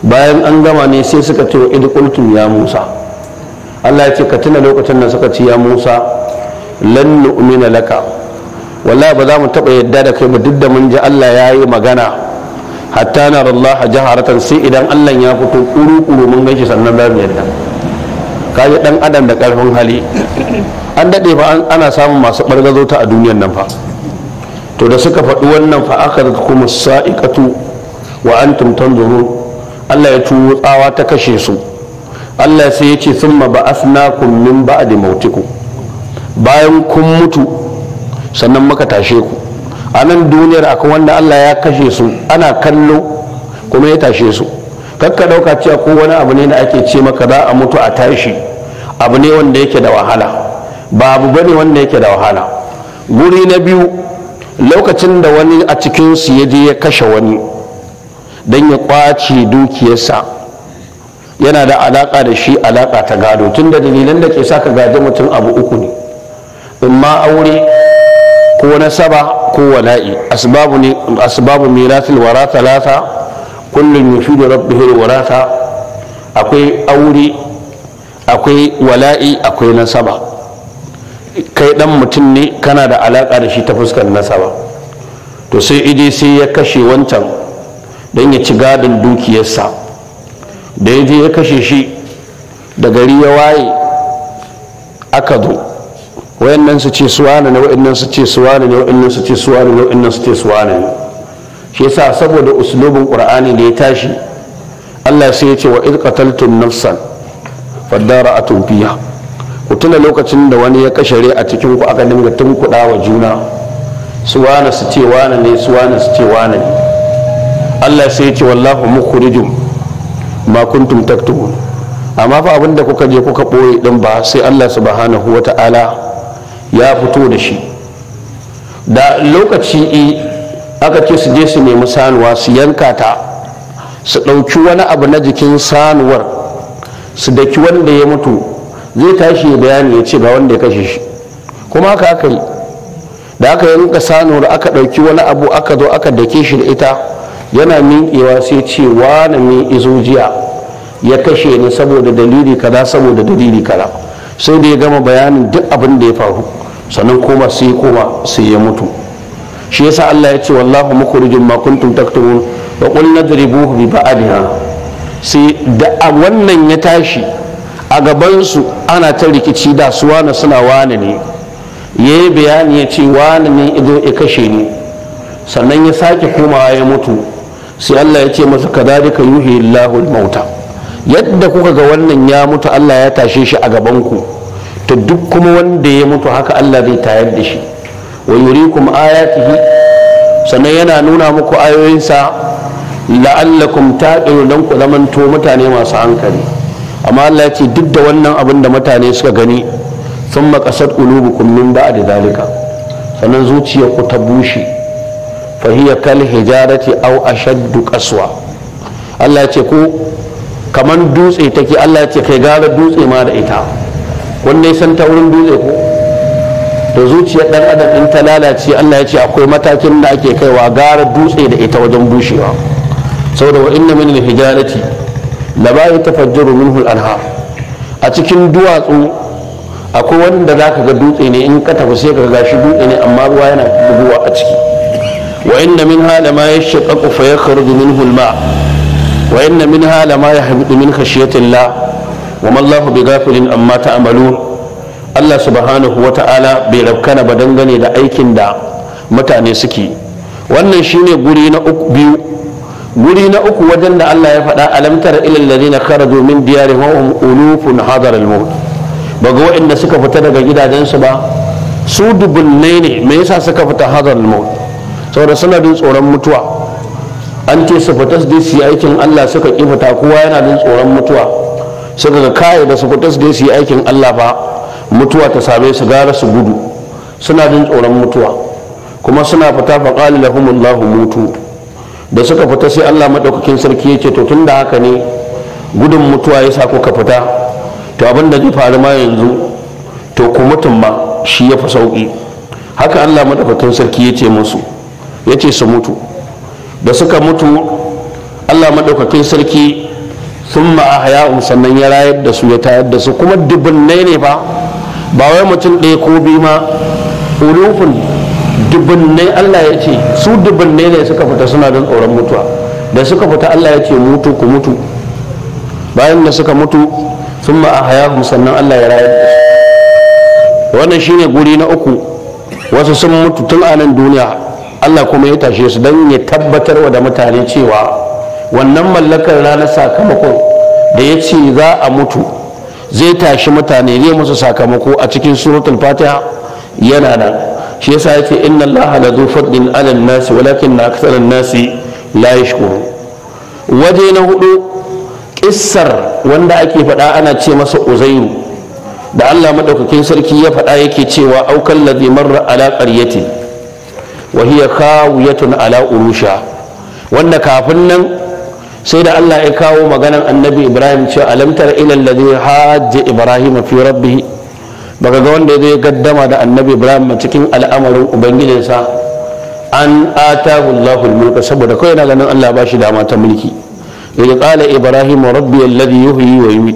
bayan an gama ne sai suka ce wa idikultum ya Musa Allah ya ce ka tuna lokacin da suka ci ya Musa lan nu'mina laka wallahi ba za mu taɓa yadda da kai ba duk da mun ji Allah ya yi magana hatta na Allah jaharatan sai idan Allah ya fito kuru-kuru mun gaishe sannan za mu yadda Ka kaji dan adam da karfin hali an daɗe fa ana samun masu ɓargazo ta a duniyar nan fa to da suka faɗi wannan fa aka kuma sa'iqatu wa antum tanzurun Allah ya turo tsawa ta kashe su Allah sai ya ce summa ba'athnakum min ba'di mautikum bayan kun mutu sannan muka tashe ku a nan duniyar akwai wanda Allah ya kashe su ana kallo kuma ya tashe su kakka dauka cewa ko wani abu ne da ake ce maka za a mutu a tashi abu ne wanda yake da wahala ba abu bane wanda yake da wahala guri na biyu lokacin da wani a cikinsu ya je ya kashe wani don ya kwace dukiyarsa yana da alaka da shi alaka ta gado tun da dalilan da ke saka gaji mutum abu uku ne in ma aure ko nasaba ko wala'i asbabu ne asbabu mirasil wara talata kullum ya fi da rabbihir warasa akwai aure akwai wala'i akwai nasaba kai dan mutum ne kana da alaka da shi ta fuskar nasaba to sai ije sai ya kashe wancan don ya ci gadin dukiyarsa da ya je ya kashe shi da gari ya waye aka zo wayannan su ce suwa ne wayannan su ce suwa ne wayannan su ce suwa ne wayannan su ce suwa ne shi yasa saboda uslubin qur'ani da ya tashi Allah sai ya ce wa id qataltum nafsan fadara'atun fiha ku tuna lokacin da wani ya kashare a cikin ku aka dinga tunkuda wa juna su wani su ce wani ne su wani su ce wani ne Allah sai ya ce wallahu mukhrijum ma kuntum taktubun amma fa abinda kuka je kuka boye din ba sai Allah subhanahu wata'ala ya fito da shi da lokaci aka ce su je su nemi sanuwa su yanka ta su ɗauki wani abu na jikin sanuwar su daki wanda ya mutu zai tashi ya bayani ya ce ga wanda ya kashe shi kuma haka aka yi da aka yanka sanuwar aka ɗauki wani abu aka zo aka dake shi da ita yana miƙewa sai ce wani mai izo jiya ya kashe ni saboda dalili kaza saboda dalili kaza sai da ya gama bayanin duk abin da ya faru sannan koma sai koma sai ya mutu shi yasa Allah ya ce wallahu mukhrijum ma kuntum taktumun wa qul nadribuhu bi ba'dha sai da wannan ya tashi a gaban su ana ta rikici da su wani suna wani ne yayi bayani ya ce wani ne ido ya kashe ni sannan ya sake komawa ya mutu sai Allah ya ce masa kadhalika yuhi Allahu al-mauta yadda kuka ga wannan ya mutu Allah ya tashe shi a gaban ku to duk kuma wanda ya mutu haka Allah zai tayar da shi wa yurikum ayatihi sannan yana nuna muku ayoyinsa la'allakum taqilu dan ku zamanto mutane masu hankali amma Allah ya ce duk da wannan abin da mutane suka gani sun thumma qasat qulubukum min da zalika sannan zuciyarku ta bushe fahiyar kal hijarati au ashaddu kaswa Allah ya ce ko kamar dutse take Allah ya ce kai gara dutse ma da ita wanda ya san ta wurin dutse ko da zuciyar dan adam in ta lalace Allah ya ce akwai matakin da ake kaiwa gara dutse da ita wajen bushewa saboda wa inna min al-hijarati la ba minhu al-anhar a cikin duwatsu akwai wanda zaka ga dutse ne in ka tafi sai ka ga shi dutse ne amma ruwa yana buguwa a ciki wa inna minha lama yashaqqaqu fa yakhruju minhu al-ma wa inna minha lama yahbitu min khashyatillah wa ma Allahu bighafilin amma ta'malun Allah subhanahu wa ta'ala bai rabkana ba dangane da aikin da mutane suke wannan shine guri na uku biyu guri na uku wajen da Allah ya faɗa alamtar ilal ladina kharaju min diyarihim ulufun hadar al maut baga waɗanda suka fita daga gidajensu ba su dubunnai ne me yasa suka fita hadar al maut saboda suna jin tsoron mutuwa an ce su fita su yi aikin Allah suka ki fita kowa yana jin tsoron mutuwa suka ga kai da su fita su yi aikin Allah ba mutuwa ta same su gara su gudu suna jin tsoron mutuwa kuma suna fita faƙali lahumullahu mutu da suka fita sai allah maɗaukakin sarki ya ce to tun da haka ne gudun mutuwa ya sa kuka fita to abin da zai faru ma yanzu to ku mutum ma shi ya fi sauƙi haka allah maɗaukakin sarki ya ce musu ya su mutu da suka mutu allah maɗaukakin sarki sun ma'a sannan ya rayar da su ya tayar da su kuma dubbin ne fa ba wai mutum ɗaya ko bi ma ulufin dubunnai Allah ya ce su dubunnai ne suka fita suna don tsoron mutuwa da suka fita Allah ya ce mutu ku mutu bayan da suka mutu sun ma a haya sannan Allah ya rayu wannan shine guri na uku wasu sun mutu tun anan duniya Allah kuma ya tashe su don ya tabbatar wa da mutane cewa wannan mallakar ranar sakamakon da ya ce za a mutu zai tashi mutane zai musu sakamako a cikin suratul fatiha yana nan shi yasa yake inna allaha la zu fadlin ala nasi walakin na aksara nasi la yashkuru waje na hudu kissar wanda ake faɗa ana ce masa uzairu da allah maɗaukakin sarki ya faɗa yake cewa aukan ladhi marra ala qaryati wa hiya khawiyatun ala urusha wanda kafin nan sai da Allah ya kawo maganan annabi Ibrahim cewa alamtar ilal zai hajji Ibrahim fi rabbi. baka ga wanda zai gaddama da annabi Ibrahim a cikin al'amarin ubangijinsa an a Allahu mulka saboda kawai na ganin Allah ba shi dama ta mulki ya kala Ibrahim rabbi alladhi yuhyi wa yi.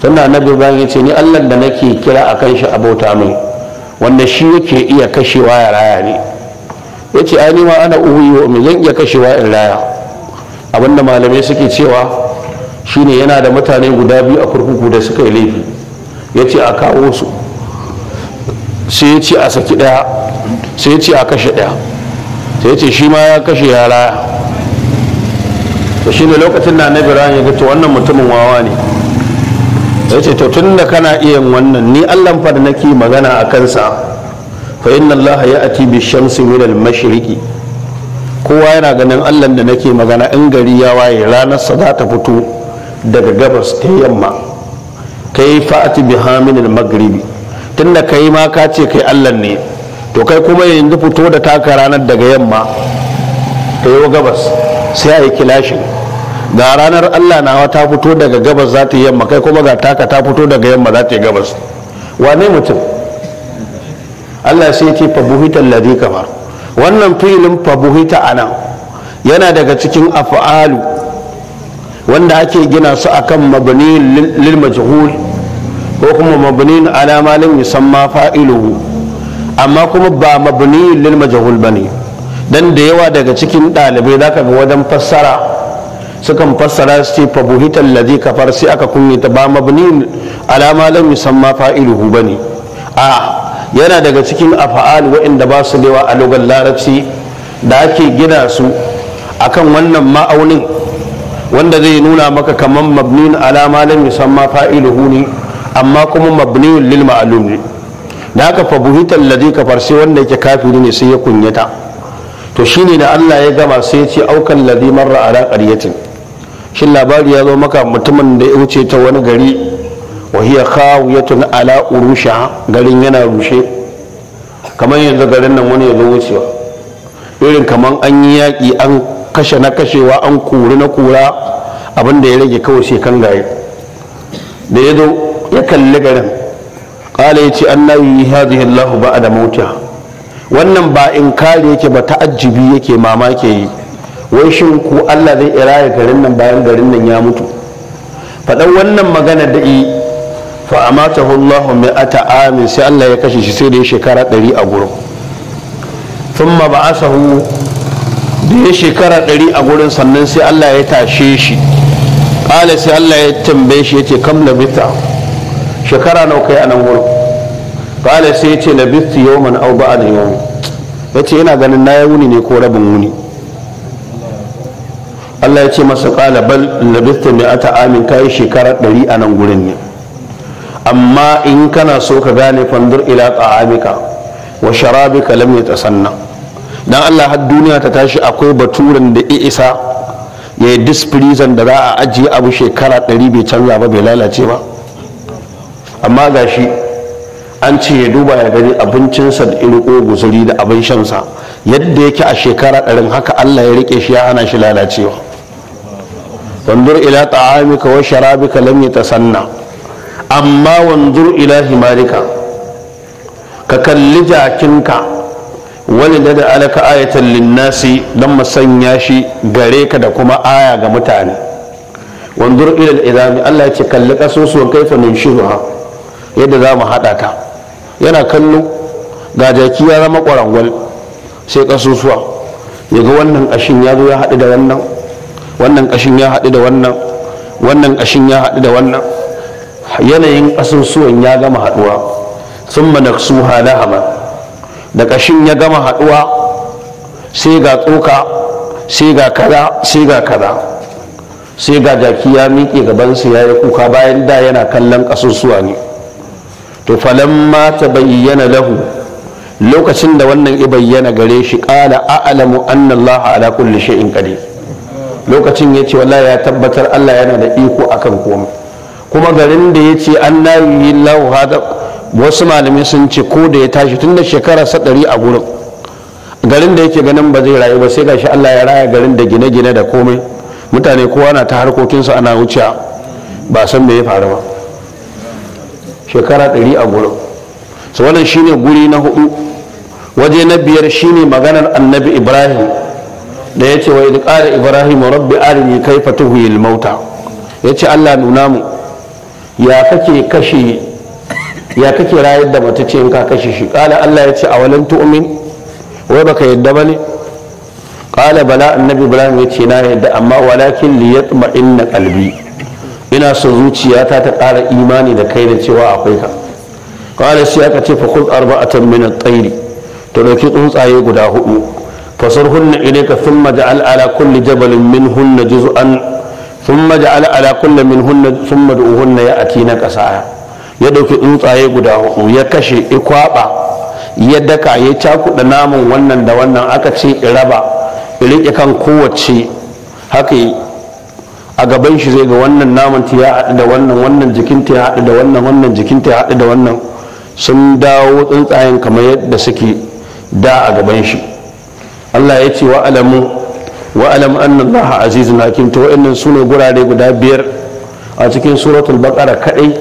Tana annabi Ibrahim ya ce ni Allah da nake kira a kan shi a bauta mai wanda shi yake iya kashewa ya raya ne ce ai ni ma ana uhuyi wa zan iya kashewa in raya abinda malamai suke cewa shine yana da mutane guda biyu a kurkuku da suka yi laifi ya ce a kawo su sai ya ce a saki ɗaya sai ya ce a kashe ɗaya sai ya ce shi ma ya kashe ya raya to shine lokacin da birane ya ga wannan mutumin wawa ne ya ce to tun da kana iya wannan ni allah fa da nake magana a kansa fa inna a ya'ti bi shamsi min al-mashriqi kowa yana ganin allah da nake magana in gari ya waye ranarsa za ta fito daga gabas ta yamma kai fa'ati bi hamilin magribi tunda yi ma ka ce kai allah ne to kai kuma yanzu fito da taka ranar daga yamma ta yi gabas sai a yi kilashin ga ranar allah nawa ta fito daga gabas za ta yi yamma kai kuma ga taka ta fito daga yamma za ta yi gabas wane mutum allah sai ce fa buhitan ladi kamar wannan filin fabuhita a nan yana daga cikin af'alu wanda ake gina su akan mabni lil majhul ko kuma mabni ala ma yusamma fa'iluhu amma kuma ba mabni lil majhul bane dan da yawa daga cikin dalibai zaka ga wajen fassara sukan fassara su ce fabuhital kafar sai aka kunyata ba mabni ala ma yusamma fa'iluhu bane a yana daga cikin afa'al waɗanda ba su dewa a lugar larabci da ake gina su a kan wannan ma'aunin wanda zai nuna maka kamar mabnin alama lam yusamma fa'iluhu ne amma kuma mabniyun lil ma'lum ne da haka fa buhita alladhi kafar sai wanda yake kafiri ne sai ya kunyata to shine da Allah ya gama sai ya ce aukan ladhi marra ala qaryatin shin labari ya zo maka mutumin da ya wuce ta wani gari wa hiya khawiyatun ala urusha garin yana rushe kamar yanzu garin nan wani ya zo wucewa irin kamar an yi yaƙi an kashe na kashewa an kuri na kura abin da ya rage kawai sai kan gaye da ya zo ya kalli garin ƙala ya ce an na yi hadhihi allahu ba da mauta wannan ba in kare yake ba ta'ajjibi yake ke yi wai shin ku allah zai iraya garin nan bayan garin nan ya mutu faɗan wannan magana da fa amatahu mai ata amin sai Allah ya kashe shi sai da ya shekara ɗari a gurin a sahu da ya shekara ɗari a gurin sannan sai Allah ya tashe shi ƙala sai Allah ya tambaye shi ya ce kam bita shekara nawa kai a nan gurin ƙala sai ya ce yace labitu yawman aw yau ya yace yana ganin na wuni ne ko rabin wuni Allah ya ce masa ƙala bal labitu ata amin yi shekara ɗari a nan gurin ne amma in kana so ka gane fandur ila ta'amika wa sharabika lam yatasanna dan Allah har duniya ta tashi akwai baturan da isa ya yi da za a ajiye abu shekara ɗari bai canza ba bai lalace ba amma gashi an ce ya duba ya gani abincinsa da iriko guzuri da abin shansa yadda yake a shekara ɗarin haka Allah ya rike shi ya hana shi lalacewa wandur ila ta'amika wa sharabika lam yatasanna amma wanzur ila himarika ka kalli jakinka wani da da alaka ayatan linnasi don masanya shi gare ka da kuma aya ga mutane wanzur ila izami Allah ya ce kalli kasusuwan kaifa nunshiruha yadda za mu haɗa ta yana kallo ga jaki ya zama ƙwarangwal sai kasusuwa ya ga wannan ƙashin ya zo ya haɗu da wannan wannan ƙashin ya haɗu da wannan wannan ƙashin ya haɗu da wannan yanayin ƙasusuwan ya gama haɗuwa sun manaksu halahaman da ƙashin ya gama haɗuwa sai ga tsoka sai ga kaza sai ga kaza sai ga jaki ya miƙe gabansa ya yi kuka bayan da yana kallon ƙasusuwa ne to mata mata bayyana lahu lokacin da wannan i bayyana gare shi ƙala a'lamu anna Allah ala kulli shay'in qadir lokacin yace wallahi ya tabbatar Allah yana da iko akan komai kuma garin da ya ce an na yi haɗa, wasu malamai sun ce ko da ya tashi tun da shekara sa a gurin garin da yake ganin ba zai rayu ba sai gashi Allah ya raya garin da gine-gine da komai mutane kowa na ta harkokinsa ana wuce ba san me ya faru ba shekara ɗari a gurin su wannan shine guri na hudu waje na biyar shine maganar annabi ibrahim da ya ce wa idu qala ibrahim rabbi arini kai tuhyil mauta ya ce allah nuna mu ya kake kashe ya kake rayar da mace in ka kashe shi kala Allah ya ce a walan tu'min wai baka yadda ne? kala bala annabi ibrahim ya ce na yadda amma walakin li inna qalbi ina so zuciyata ta ƙara imani da kai da cewa akwai ka kala sai aka ce fa khudh arba'atan min at-tayr to dauki tsuntsaye guda hudu fasarhunna ilayka thumma ja'al ala kulli jabalin minhunna juz'an thumma ja'ala ala kulli minhunna thumma du'uhunna ya'tina qasaya ya ɗauki tsuntsaye guda hudu ya kashe ikwaba ya daka ya cakuɗa namun wannan da wannan aka ce iraba riƙe kan kowace haka yi. a gaban shi zai ga wannan naman ta ya haɗu da wannan wannan jikinta ya haɗu da wannan wannan jikinta ya haɗu da wannan sun dawo tsuntsayen kamar yadda suke da a gaban shi Allah ya ce wa alamu wa annan za a azizun hakim to wa'annan sune gurare guda biyar a cikin suratul bakara kadai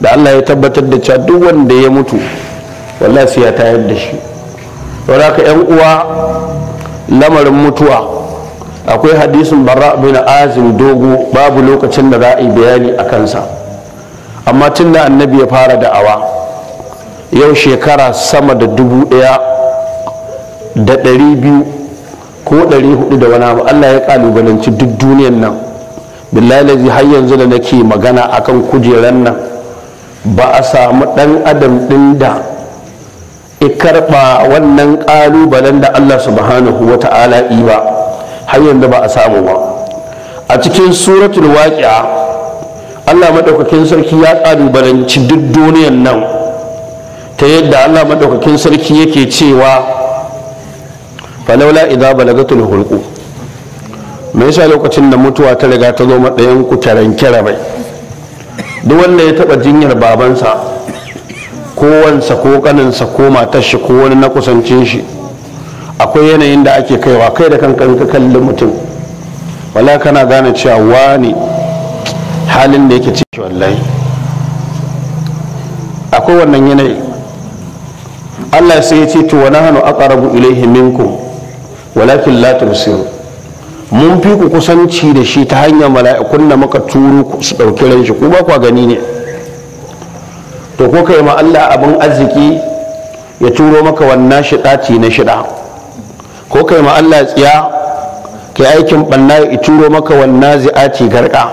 da Allah ya tabbatar da cewa duk wanda ya mutu wallahi sai ya tayar da shi wadda ka yan uwa lamarin mutuwa akwai hadisin barra bin azim dogo babu lokacin da za a yi bayani a kansa amma tun da annabi ya fara da'awa yau shekara sama da dubu ɗaya da ɗari biyu ko hudu da wani abu Allah ya kalubalanci duk duniyan nan billahi har yanzu da nake magana akan kujeran nan ba a samu ɗan adam ɗin da ya karɓa wannan kalubalen da Allah subhanahu wa ta'ala yi ba har yanzu ba a samu ba a cikin suratul waƙiya Allah maɗaukakin sarki ya kalubalanci duk duniyan nan ta yadda Allah maɗaukakin sarki yake cewa falaula idza balagatul hulqu me yasa lokacin da mutuwa ta riga ta zo matsayin ku kira mai duk wanda ya taba jinyar babansa ko wansa ko kaninsa ko matar shi ko wani na kusancin shi akwai yanayin da ake kaiwa kai da kankan ka kalli mutum wala kana gane cewa wani halin da yake ciki wallahi akwai wannan yanayi Allah sai ya ce to wa nahnu aqrabu ilayhi minkum walakin la tusiru mun fi ku kusanci da shi ta hanyar mala'ikun da muka turo su ɗauki ran shi ku ba kwa gani ne to ko kai ma Allah abin arziki ya turo maka wannan shi ɗaci na shida ko kai ma Allah tsiya ke aikin banna ya turo maka wannan zi'ati garka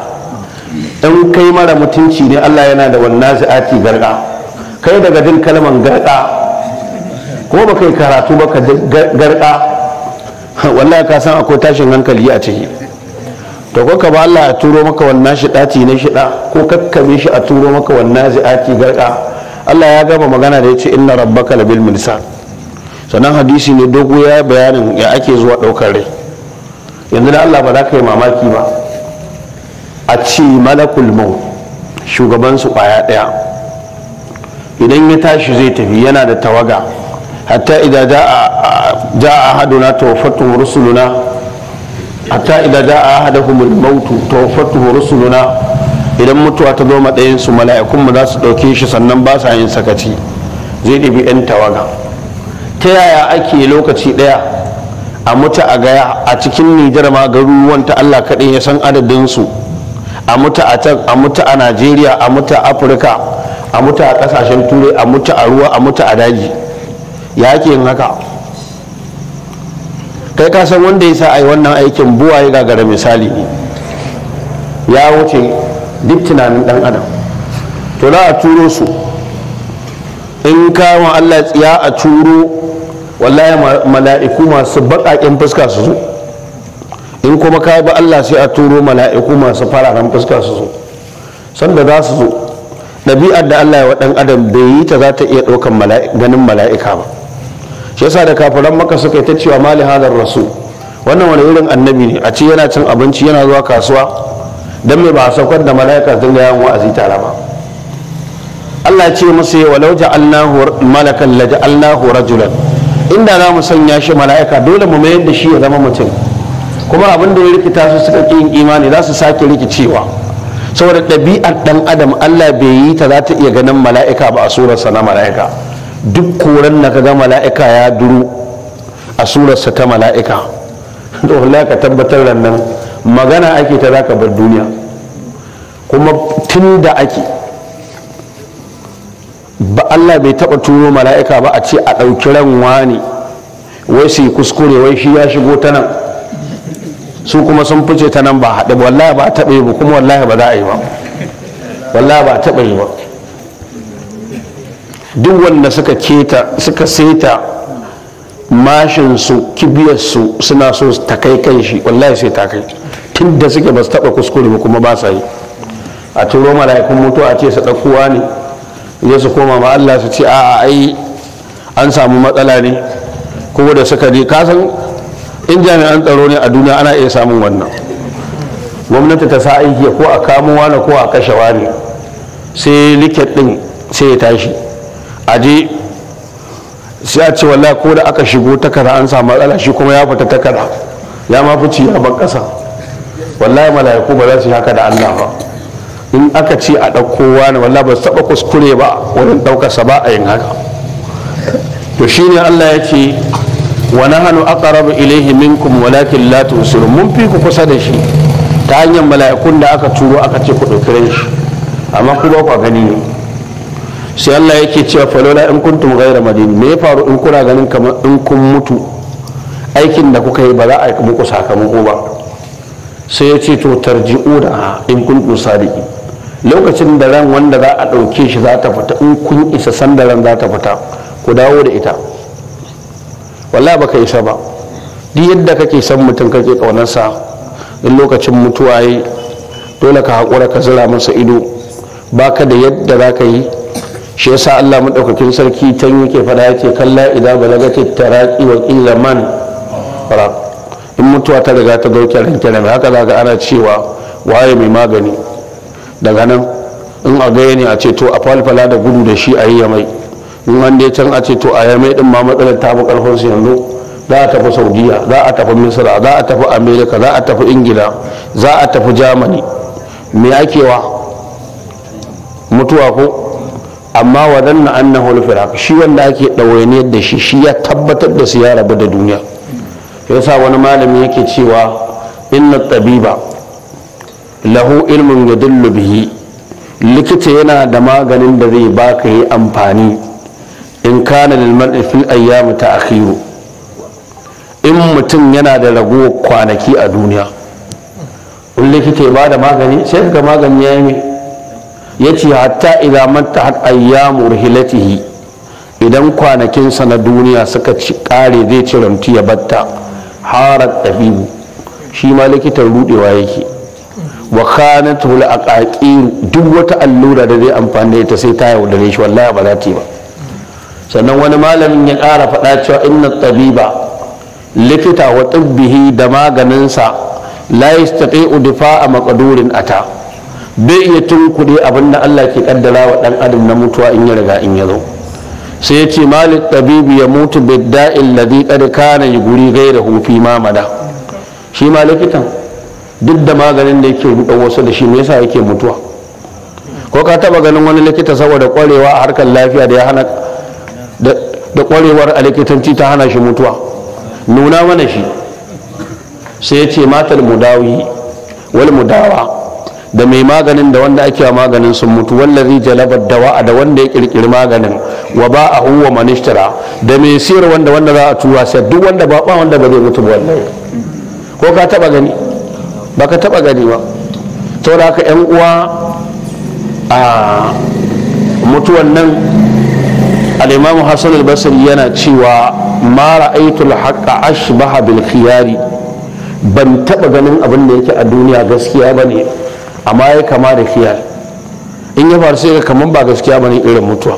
in kai mara mutunci ne Allah yana da wannan zi'ati garka kai daga jin kalman garka ko ba karatu ba ka garka wallahi ka san akwai tashin hankali a ciki to ko ka ba Allah ya turo maka wannan shi daci na shida ko kakkabe shi a turo maka wannan zi'ati garka Allah ya gaba magana da yace inna rabbaka labil mirsad sannan hadisi ne dogo ya bayanin ya ake zuwa daukar rai yanzu da Allah ba za ka yi mamaki ba a ce malakul mau shugaban su kwaya daya idan ya tashi zai tafi yana da tawaga hatta idza jaa jaa ahaduna tawaffatuhu rusuluna hatta idza idan mutuwa ta zo matsayin su mala'ikun mu za su ɗauke shi sannan ba sa yin sakaci zai ɗibi yan tawaga ta yaya ake lokaci ɗaya a mutu a gaya a cikin nijar ma garuruwan ta Allah kaɗai ya san adadin su a mutu a can a mutu a Najeriya a mutu a Afirka a mutu a ƙasashen turai a mutu a ruwa a mutu a daji ya ke yin haka kai ka san wanda ya sa a yi wannan aikin buwa ya gagara misali ya wuce duk tunanin dan adam to za a turo su in kawo allah ya a turo wallahi mala'iku masu baƙaƙen fuska su zo in kuma ka bi allah sai a turo mala'iku masu fararen fuska su zo sanda za su zo ɗabi'ar da allah ya wa ɗan adam bai yi ta za ta iya ɗaukan ganin mala'ika ba shi yasa da kafiran maka suka yi ta cewa mali hadar rasu wannan wani irin annabi ne a ce yana cin abinci yana zuwa kasuwa don mai ba a saukar da mala'ika sun ga yawon wa'azi tare ba Allah ce musu ya walau ja'alnahu malakan la ja'alnahu rajulan inda za mu sanya shi mala'ika dole mu mayar da shi ya zama mutum kuma abin da ya rikita su suka ƙin imani za su sake rikicewa saboda ɗabi'ar ɗan adam Allah bai yi ta za ta iya ganin mala'ika ba a surarsa na mala'ika duk koren na kaga mala'ika ya duru a surarsa ta mala'ika da wallahi ka tabbatar da nan magana ake ta zaka bar duniya kuma tun da ake ba Allah bai taba turo mala'ika ba a ce a ɗauki ran wani wai su yi kuskure wai shi ya shigo ta nan su kuma sun fice ta nan ba haɗe wallahi ba taɓa yi ba kuma wallahi ba za a yi ba wallahi ba taɓa yi ba duk wanda suka keta suka seta mashinsu kibiyarsu suna so ta kai kan shi wallahi sai ta kai tun da suke ba su taɓa kuskure ba kuma ba sa yi a turo mala'ikun mutuwa a ce su ɗaukuwa ne ya su koma ma Allah su ce a'a ai an samu matsala ne kuma da suka je kasan in jami'an tsaro ne a duniya ana iya samun wannan gwamnati ta sa aiki ko a kamowa na ko a kashe ne sai liket ɗin sai ya tashi aje sai a ce wallahi ko da aka shigo takara an samu matsala shi kuma ya fita takara ya ma fice ya ban kasa wallahi mala'iku ba za su yi haka da Allah ba in aka ce a ɗauko wani wallahi ba su taɓa kuskure ba wurin ɗaukarsa ba a yin haka to shine Allah ya ce wa nahnu aqrabu ilayhi minkum walakin la tusirun mun fi ku kusa da shi ta hanyar mala'ikun da aka turo aka ce ku ɗauki shi amma ku ba ku gani ne sai Allah yake cewa falola in kuntum ghaira madin me ya faru in kuna ganin kamar in kun mutu aikin da kuka yi ba za a yi muku sakamako ba sai ya ce to tarji'u da in kuntum sadiki lokacin da ran wanda za a ɗauke shi za ta fita in kun isa sandaran za ta fita ku dawo da ita wallahi baka isa ba duk yadda kake san mutum kake ƙaunarsa in lokacin mutuwa yi dole ka haƙura ka zira masa ido baka da yadda za ka yi shi yasa Allah madaukakin sarki ta yi yake fada yace kalla ida balagatit taraqi wa illa man faraq in mutuwa ta riga ta dauke ran kenan haka daga ana cewa waye mai magani daga nan in a gaya a ce to a falfala da gudu da shi a yi mai in an dai can a ce a yamai din ma matsalar ta fi karfin yanzu za a tafi saudiya za a tafi misira za a tafi amerika za a tafi ingila za a tafi germany me akewa mutuwa ko amma wa na annahu al shi wanda ake ɗawaini da shi shi ya tabbatar da su ya rabu da duniya Ya sa wani malami yake cewa inna tabiba lahu ilmin yadullu bihi likita yana da maganin da zai baka yi amfani in kana lil mar'i fil ayyam ta'khiru in mutum yana da ragowar kwanaki a duniya in likita ya ba da magani sai ka magani ya yi ya ce hatta idza ya ayyamu rihilatihi idan kwanakinsa na duniya suka ci kare zai ci ramti ya batta harar ɗabi'u shi ma likitan rudewa yake wa kanat a aqaqir duk wata allura da zai amfani da ita sai ta yaudare shi wallahi ba za ta yi ba sannan wani malamin ya ƙara faɗa cewa inna tabiba likita wa tibbihi da maganinsa la yastati'u difa'a maqdurin ata bai iya tunkuɗe abin da Allah ke kaddara wa ɗan adam na mutuwa in ya riga in ya zo sai ya ce malik ɗabibu ya mutu bidda'in ladhi qad kana guri gaira hufi mamada shi ma likitan duk da maganin da yake ruɗa wasu da shi me yasa yake mutuwa ko ka taba ganin wani likita saboda ƙwarewa a harkar lafiya da ya hana da ƙwarewar a likitanci ta hana shi mutuwa nuna mana shi sai ya ce matar mudawi wal mudawa da mai maganin da wanda ake maganin sun mutu wallazi jalaba dawa da wanda ya kirkiri maganin wa ba a huwa manishtara da mai siyar wanda wanda za a tura sai duk wanda ba ba wanda ba zai mutu wallahi ko ka taba gani ba ka taba gani ba saboda haka yan uwa a mutuwan nan al-imamu hasan al-basri yana cewa ma ra'aytul haqqa ashbaha bil khiyari ban taba ganin abin da yake a duniya gaskiya bane amma ya kama da kiyar in ya faru sai ka kaman ba gaskiya bane irin mutuwa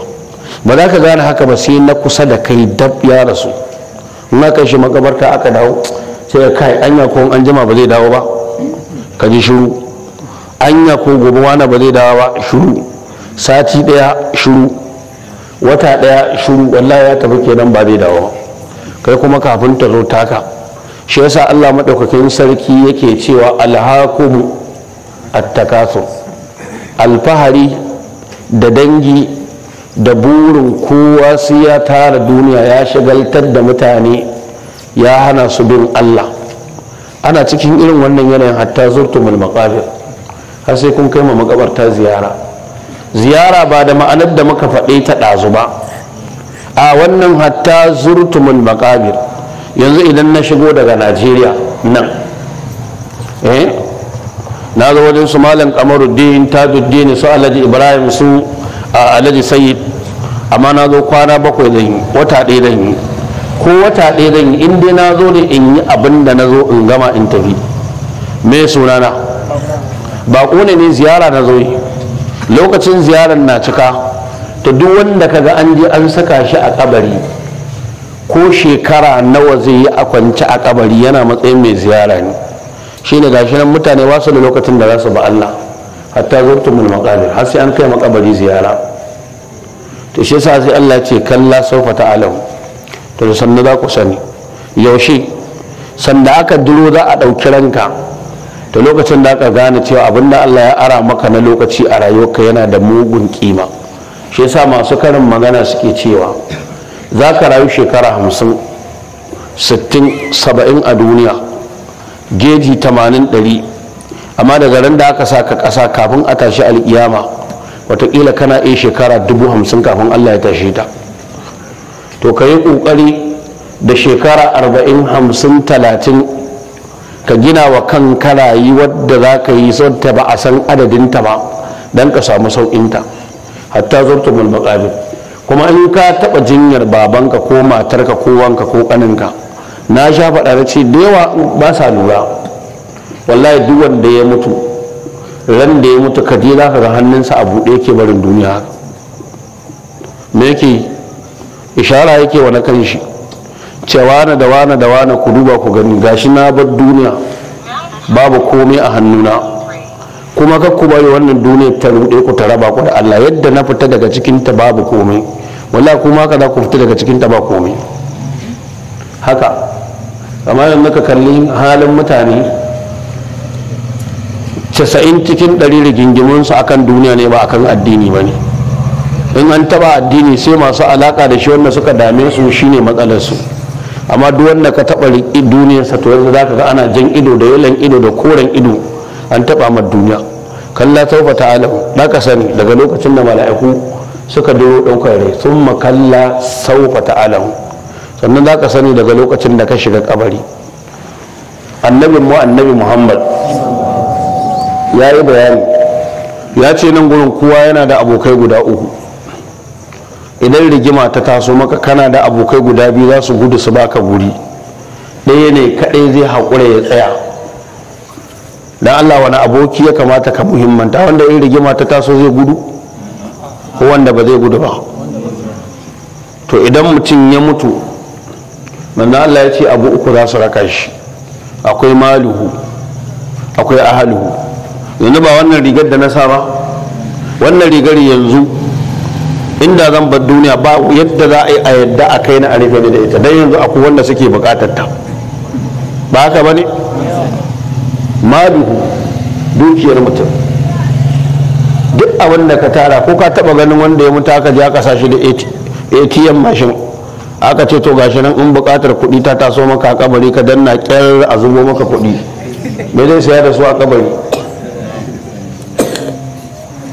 ba za ka gane haka ba sai na kusa da kai dab ya rasu in aka shi makabarta aka dawo sai ka kai anya ko an jima ba zai dawo ba ka ji shiru anya ko gobe wana ba zai dawo ba shiru sati daya shiru wata daya shiru wallahi ya tafi kenan ba zai dawo ba kai kuma kafin ta zo taka shi yasa Allah madaukakin sarki yake cewa alhaqu attakasu alfahari da dangi da burin kowa su ya tara duniya ya shagaltar da mutane ya hana su bin Allah ana cikin irin wannan yanayin hatta zurtumul maqabir har sai kun kai ma makabarta ziyara ziyara ba da ma'anar da muka faɗe ta ɗazu ba a wannan hatta zurtumul maqabir yanzu idan na shigo daga Najeriya nan eh na zo wajen su malam kamaruddin tajuddin su alhaji ibrahim su alhaji sayyid amma na zo kwana bakwai zan yi wata ɗaya zan yi ko wata ɗaya zan yi in na zo ne in yi abin da na zo in gama in tafi me sunana ba ne ne ziyara na zo yi lokacin ziyarar na cika ta duk wanda kaga an je an saka shi a kabari ko shekara nawa zai yi a kwance a kabari yana matsayin mai ziyara ne shine gashi nan mutane wasu da lokacin da za su ba Allah hatta zurtumul maqabir har sai an kai makabari ziyara to shi yasa sai Allah ce kalla sawfa ta'alam to sanna za ku sani yaushe sanda aka duro za a ɗauki ranka to lokacin da aka gane cewa abin da Allah ya ara maka na lokaci a rayuwarka yana da mugun kima shi yasa masu karin magana suke cewa za ka rayu shekara hamsin sittin saba'in a duniya geji 80 amma daga ran da aka saka ƙasa kafin a tashi alkiyama watakila kana iya shekara 50 kafin allah ya tashe ta to ka yi ƙoƙari da shekara 40 50 30 ka gina wa kan karayi wadda za ka yi ta ba a san adadinta ba don ka samu sauƙinta hatta zurtumul maƙabir kuma in ka taɓa jinyar babanka ko matarka ko wanka ko ƙaninka na sha faɗa na ce da yawa ba sa lura wallahi duk wanda ya mutu ran da ya mutu kaje za ka ga hannunsa a buɗe yake barin duniya me yake ishara yake wa na kan shi cewa na da wane da wane ku duba ku gani gashi na bar duniya babu komai a hannuna kuma ka ku bari wannan duniya ta ruɗe ku ta raba ku da Allah yadda na fita daga cikin ta babu komai wala kuma ka za ku fita daga cikin ta ba komai haka amma yadda ka kalli halin mutane 90 cikin 100 rigingimunsu akan duniya ne ba akan addini ba ne in an taba addini sai masu alaka da shi wanda suka dame su shine matsalarsu amma duk wanda ka taba duniyarsa to yanzu zaka ga ana jan ido da yalan ido da koren ido an taba ma duniya kalla taufa ta'ala ka sani daga lokacin da mala'iku suka duro ɗaukar rai sun makalla saufa ta'ala sannan za ka sani daga lokacin da ka shiga kabari annabin mu annabi muhammad ya yi bayani ya ce nan gurin kowa yana da abokai guda uku idan rigima ta taso maka kana da abokai guda biyu za su gudu su baka guri ɗaya ne kaɗai zai haƙura ya tsaya da allah wani aboki ya kamata ka muhimmanta wanda yin rigima ta taso zai gudu ko wanda ba zai gudu ba to idan mutum ya mutu manzo Allah ya ce abu uku za su raka shi akwai maluhu akwai ahaluhu yanzu ba wannan rigar da na sa ba wannan rigar yanzu inda zan bar duniya ba yadda za a yi a yadda a kai na a rufe da ita dan yanzu akwai wanda suke bukatar ta ba haka bane maluhu dukiyar mutum duk abin da ka tara ko ka taba ganin wanda ya mutu aka je aka sashi da ATM mashin aka ce to gashi nan in bukatar kuɗi ta taso maka a kabari ka danna kyar a zubo maka kuɗi me zai saya da su a kabari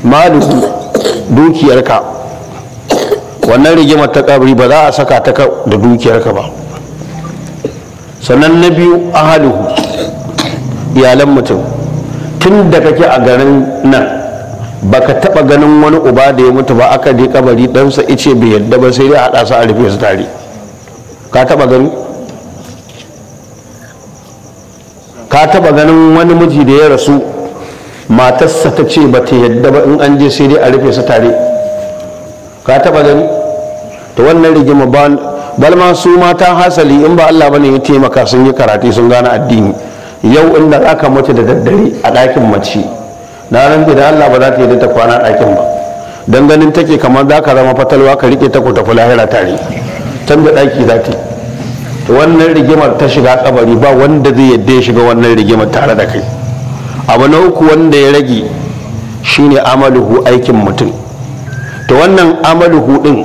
maliku dukiyarka wannan rigimar ta kabari ba za a saka ta da dukiyarka ba sannan na biyu ahalihu iyalan mutum tun da kake a garin nan baka taba ganin wani uba da ya mutu ba aka je kabari ɗansa ice bai yadda ba sai dai a ɗasa a rufe su tare ka taba gani ka taba ganin wani miji da ya rasu matarsa ta ce ba ta yadda ba in an je sai dai a rufe su tare ka taba gani ta wannan rigima ba balma su mata hasali in ba Allah bane ya taimaka sun yi karatu sun gane addini yau inda aka mace da daddare a ɗakin mace na ran da Allah ba za ta yadda ta kwana ɗakin ba dan ganin take kamar za ka zama fatalwa ka rike ta ku tafi lahira tare da ɗaki za ta wannan rigimar ta shiga kabari ba wanda zai yadda ya shiga wannan rigimar tare da kai abu na uku wanda ya rage shine amaluhu aikin mutum to wannan amaluhu din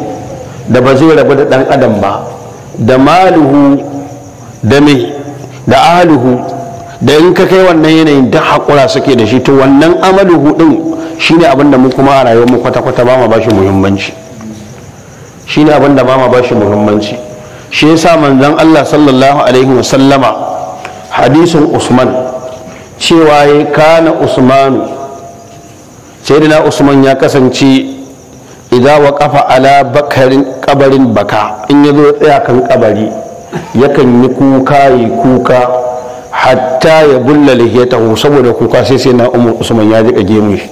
da ba zai rabu da ɗan adam ba da maluhu da mai da aluhu da in ka kai wannan yanayin da haƙura suke da shi to wannan amaluhu din shine abin da mu kuma a rayuwar mu kwata-kwata ba ma ba shi muhimmanci shine abin da ba ba shi muhimmanci shi ya yasa manzon Allah sallallahu alaihi wasallama hadisin Usman cewa ya kana Usmanu na Usman ya kasance idza kafa ala bakarin kabarin baka in zo tsaya kan kabari yakan yi kuka yi kuka hatta ya bulla lihiyatahu saboda kuka sai sai na Umar Usman ya jika gemu shi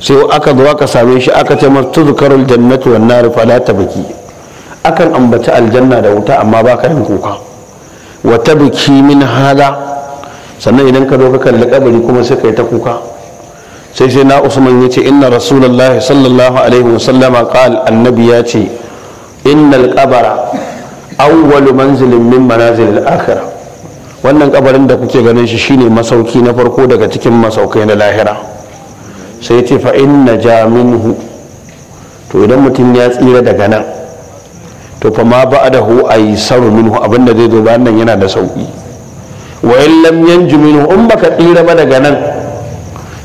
sai aka zo aka same shi aka ce mar zukarul jannatu wan nar fala tabki akan ambaci aljanna da wuta amma ba ka yin kuka wa tabki min hala? sannan idan ka zo ka kalli kabari kuma sai kai ta kuka sai sai na usman yace inna rasulullahi sallallahu alaihi wasallam qal annabi ya ce innal qabara awwalu manzilin min manazil al-akhirah wannan kabarin da kuke ganin shi shine masauki na farko daga cikin masaukai na lahira sai ce fa inna ja minhu to idan mutum ya tsira daga nan to fa ma ba da hu a yi saru minhu abinda zai zo bayan nan yana da sauƙi wa in lam yanju minhu in baka tsira ba daga nan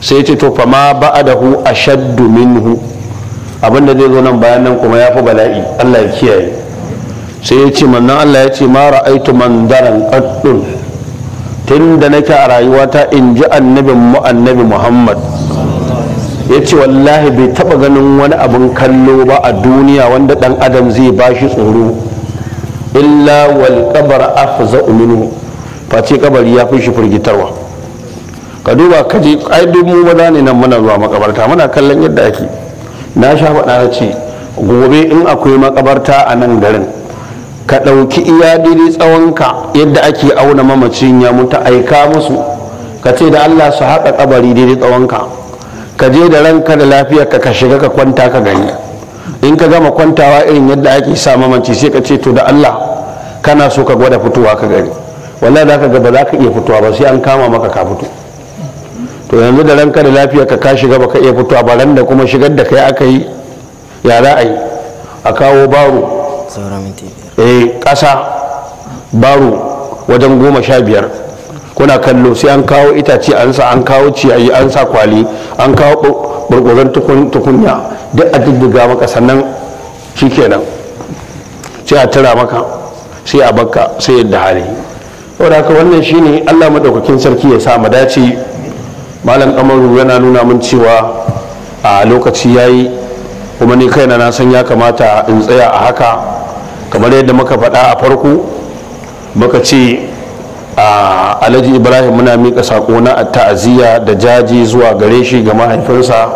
sai ce to fa ma ba da hu a shaddu minhu abinda zai zo nan bayan nan kuma ya fi bala'i Allah ya kiyaye sai ya ce mannan Allah ya ce mara ra'aitu manzaran qaddun tun da nake a rayuwata in ji annabin mu annabi Muhammad ya ce wallahi bai taba ganin wani abin kallo ba a duniya wanda dan adam zai bashi tsoro illa wal kabar afza uminu face kabari ya fi shi firgitarwa ka duba ka je ai duk mu ba ne nan muna zuwa makabarta muna kallon yadda ake na sha faɗa na ce gobe in akwai makabarta a nan garin ka ɗauki iya daidai tsawonka yadda ake auna mamacin ya mutu aika musu ka ce da allah su haƙa kabari daidai tsawonka ka je da ranka da lafiyar ka ka shiga ka kwanta ka gani in ka gama kwantawa irin yadda ake sa mamanci sai ka ce to da Allah kana so ka gwada fitowa ka gani wallahi za ka ga ba za ka iya fitowa ba sai an kama maka ka fito to yanzu da ranka da lafiyar ka ka shiga baka iya fitowa ba ran da kuma shigar da kai aka yi ya za a yi a kawo baro eh ƙasa baro wajen goma sha biyar kuna kallo sai an kawo itace an sa an kawo ciyayi an sa kwali an kawo burgurzan tukunya duk a diddiga maka sannan shikenan sai a tara maka sai a bakka sai yadda hali saboda haka wannan shine Allah maɗaukakin sarki ya sa mu dace malam kamaru yana nuna min cewa a lokaci yi kuma ni kaina na san ya kamata in tsaya a haka kamar yadda muka faɗa a farko muka ce a alhaji ibrahim muna mika sako na ta'aziyya da jaji zuwa gare shi ga mahaifinsa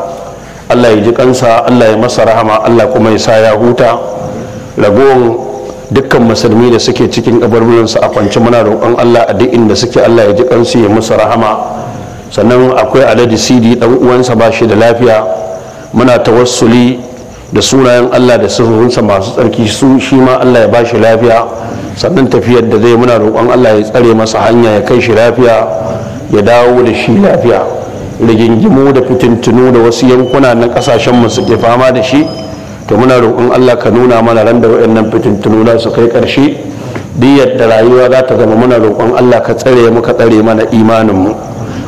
allah ya ji kansa allah ya masa rahama allah kuma ya sa ya huta ragowar dukkan musulmi da suke cikin kabarburinsu a kwance muna roƙon allah a duk inda suke allah ya ji kansu ya masa rahama sannan akwai alhaji sidi ɗan uwansa ba shi da lafiya muna tawassuli da sunayen allah da sifofinsa masu tsarki su shi ma allah ya ba shi lafiya sannan tafiyar da zai muna roƙon allah ya tsare masa hanya ya kai shi lafiya ya dawo da shi lafiya rigingimu da fitintunu da wasu yankuna na kasashen su ke fama da shi to muna roƙon allah ka nuna mana ran da waɗannan fitintunu za su kai ƙarshe duk yadda rayuwa za ta zama muna roƙon allah ka tsare mu ka tsare mana imaninmu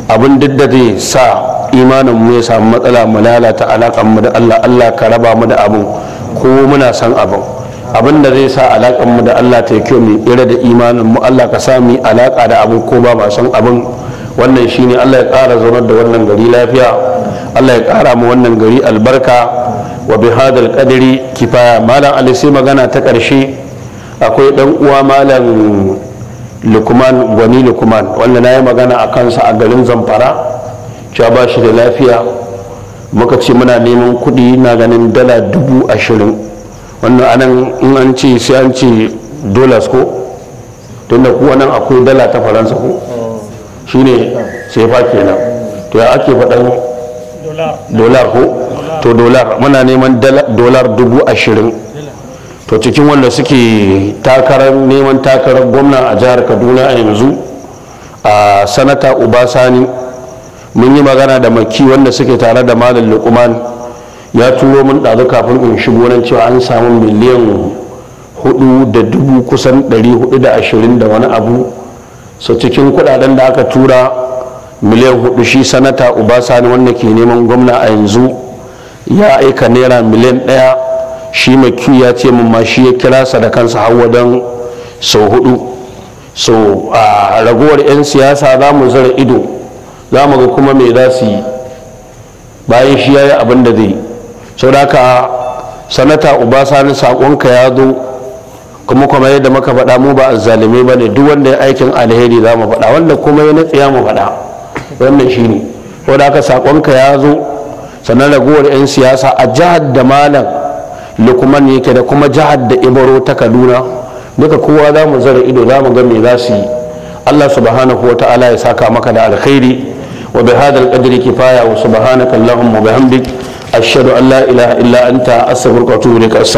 abin duk da zai sa imaninmu ya samu matsala mu lalata mu da allah allah ka raba mu da abin ko muna san abin abin da zai sa alaƙanmu da Allah ta yi kyau mai tsira da imanin mu Allah ka sa mu alaƙa da abin ko ba ba san abin wannan shine Allah ya ƙara zaunar da wannan gari lafiya Allah ya ƙara mu wannan gari albarka wa bi hadal qadri kifaya malam ali sai magana ta ƙarshe akwai ɗan uwa malam lukman gwani lukman wanda na yi magana a kansa a garin zamfara cewa ba shi da lafiya muka ce muna neman kuɗi na ganin dala dubu ashirin wannan anan in an ce sai an ce dollars ko tunda kuwa nan akwai dala ta faransa ko shine sefa kenan to ya ake faɗan dollar ko to dollar muna neman dollar dubu ashirin to cikin wanda suke takarar neman takarar gwamna a jihar kaduna a yanzu a sanata ubasani mun yi magana da maki wanda suke tare da malam lukuman ya turo min ɗazu kafin in shigo nan cewa an samu miliyan hudu da dubu kusan ɗari hudu da ashirin da wani abu so cikin kudaden da aka tura miliyan hudu shi sanata ne wanda ke neman gwamna a yanzu ya aika naira miliyan ɗaya shi mai ya ce min ma shi ya kira sa da kansa hawa don sau hudu so a ragowar 'yan siyasa za mu zara ido za mu ga kuma me za su yi bayan shi ya yi abin da zai saboda sanata ubasani sakonka ya zo kuma kuma yadda muka faɗa mu ba zalimi ba ne duk wanda ya aikin alheri za mu faɗa wanda kuma ya natsiya mu faɗa wannan shi ne haka sakonka ya zo sannan ragowar 'yan siyasa a jihar da malam lukman yake da kuma jihar da ibaro ta kaduna duka kowa za mu zara ido za mu ga me za su yi allah subhanahu wa ala ya saka maka da alkhairi wa bi hadal kifaya wa subhanaka ashhadu an la ilaha illa anta astaghfiruka wa atubu ilaik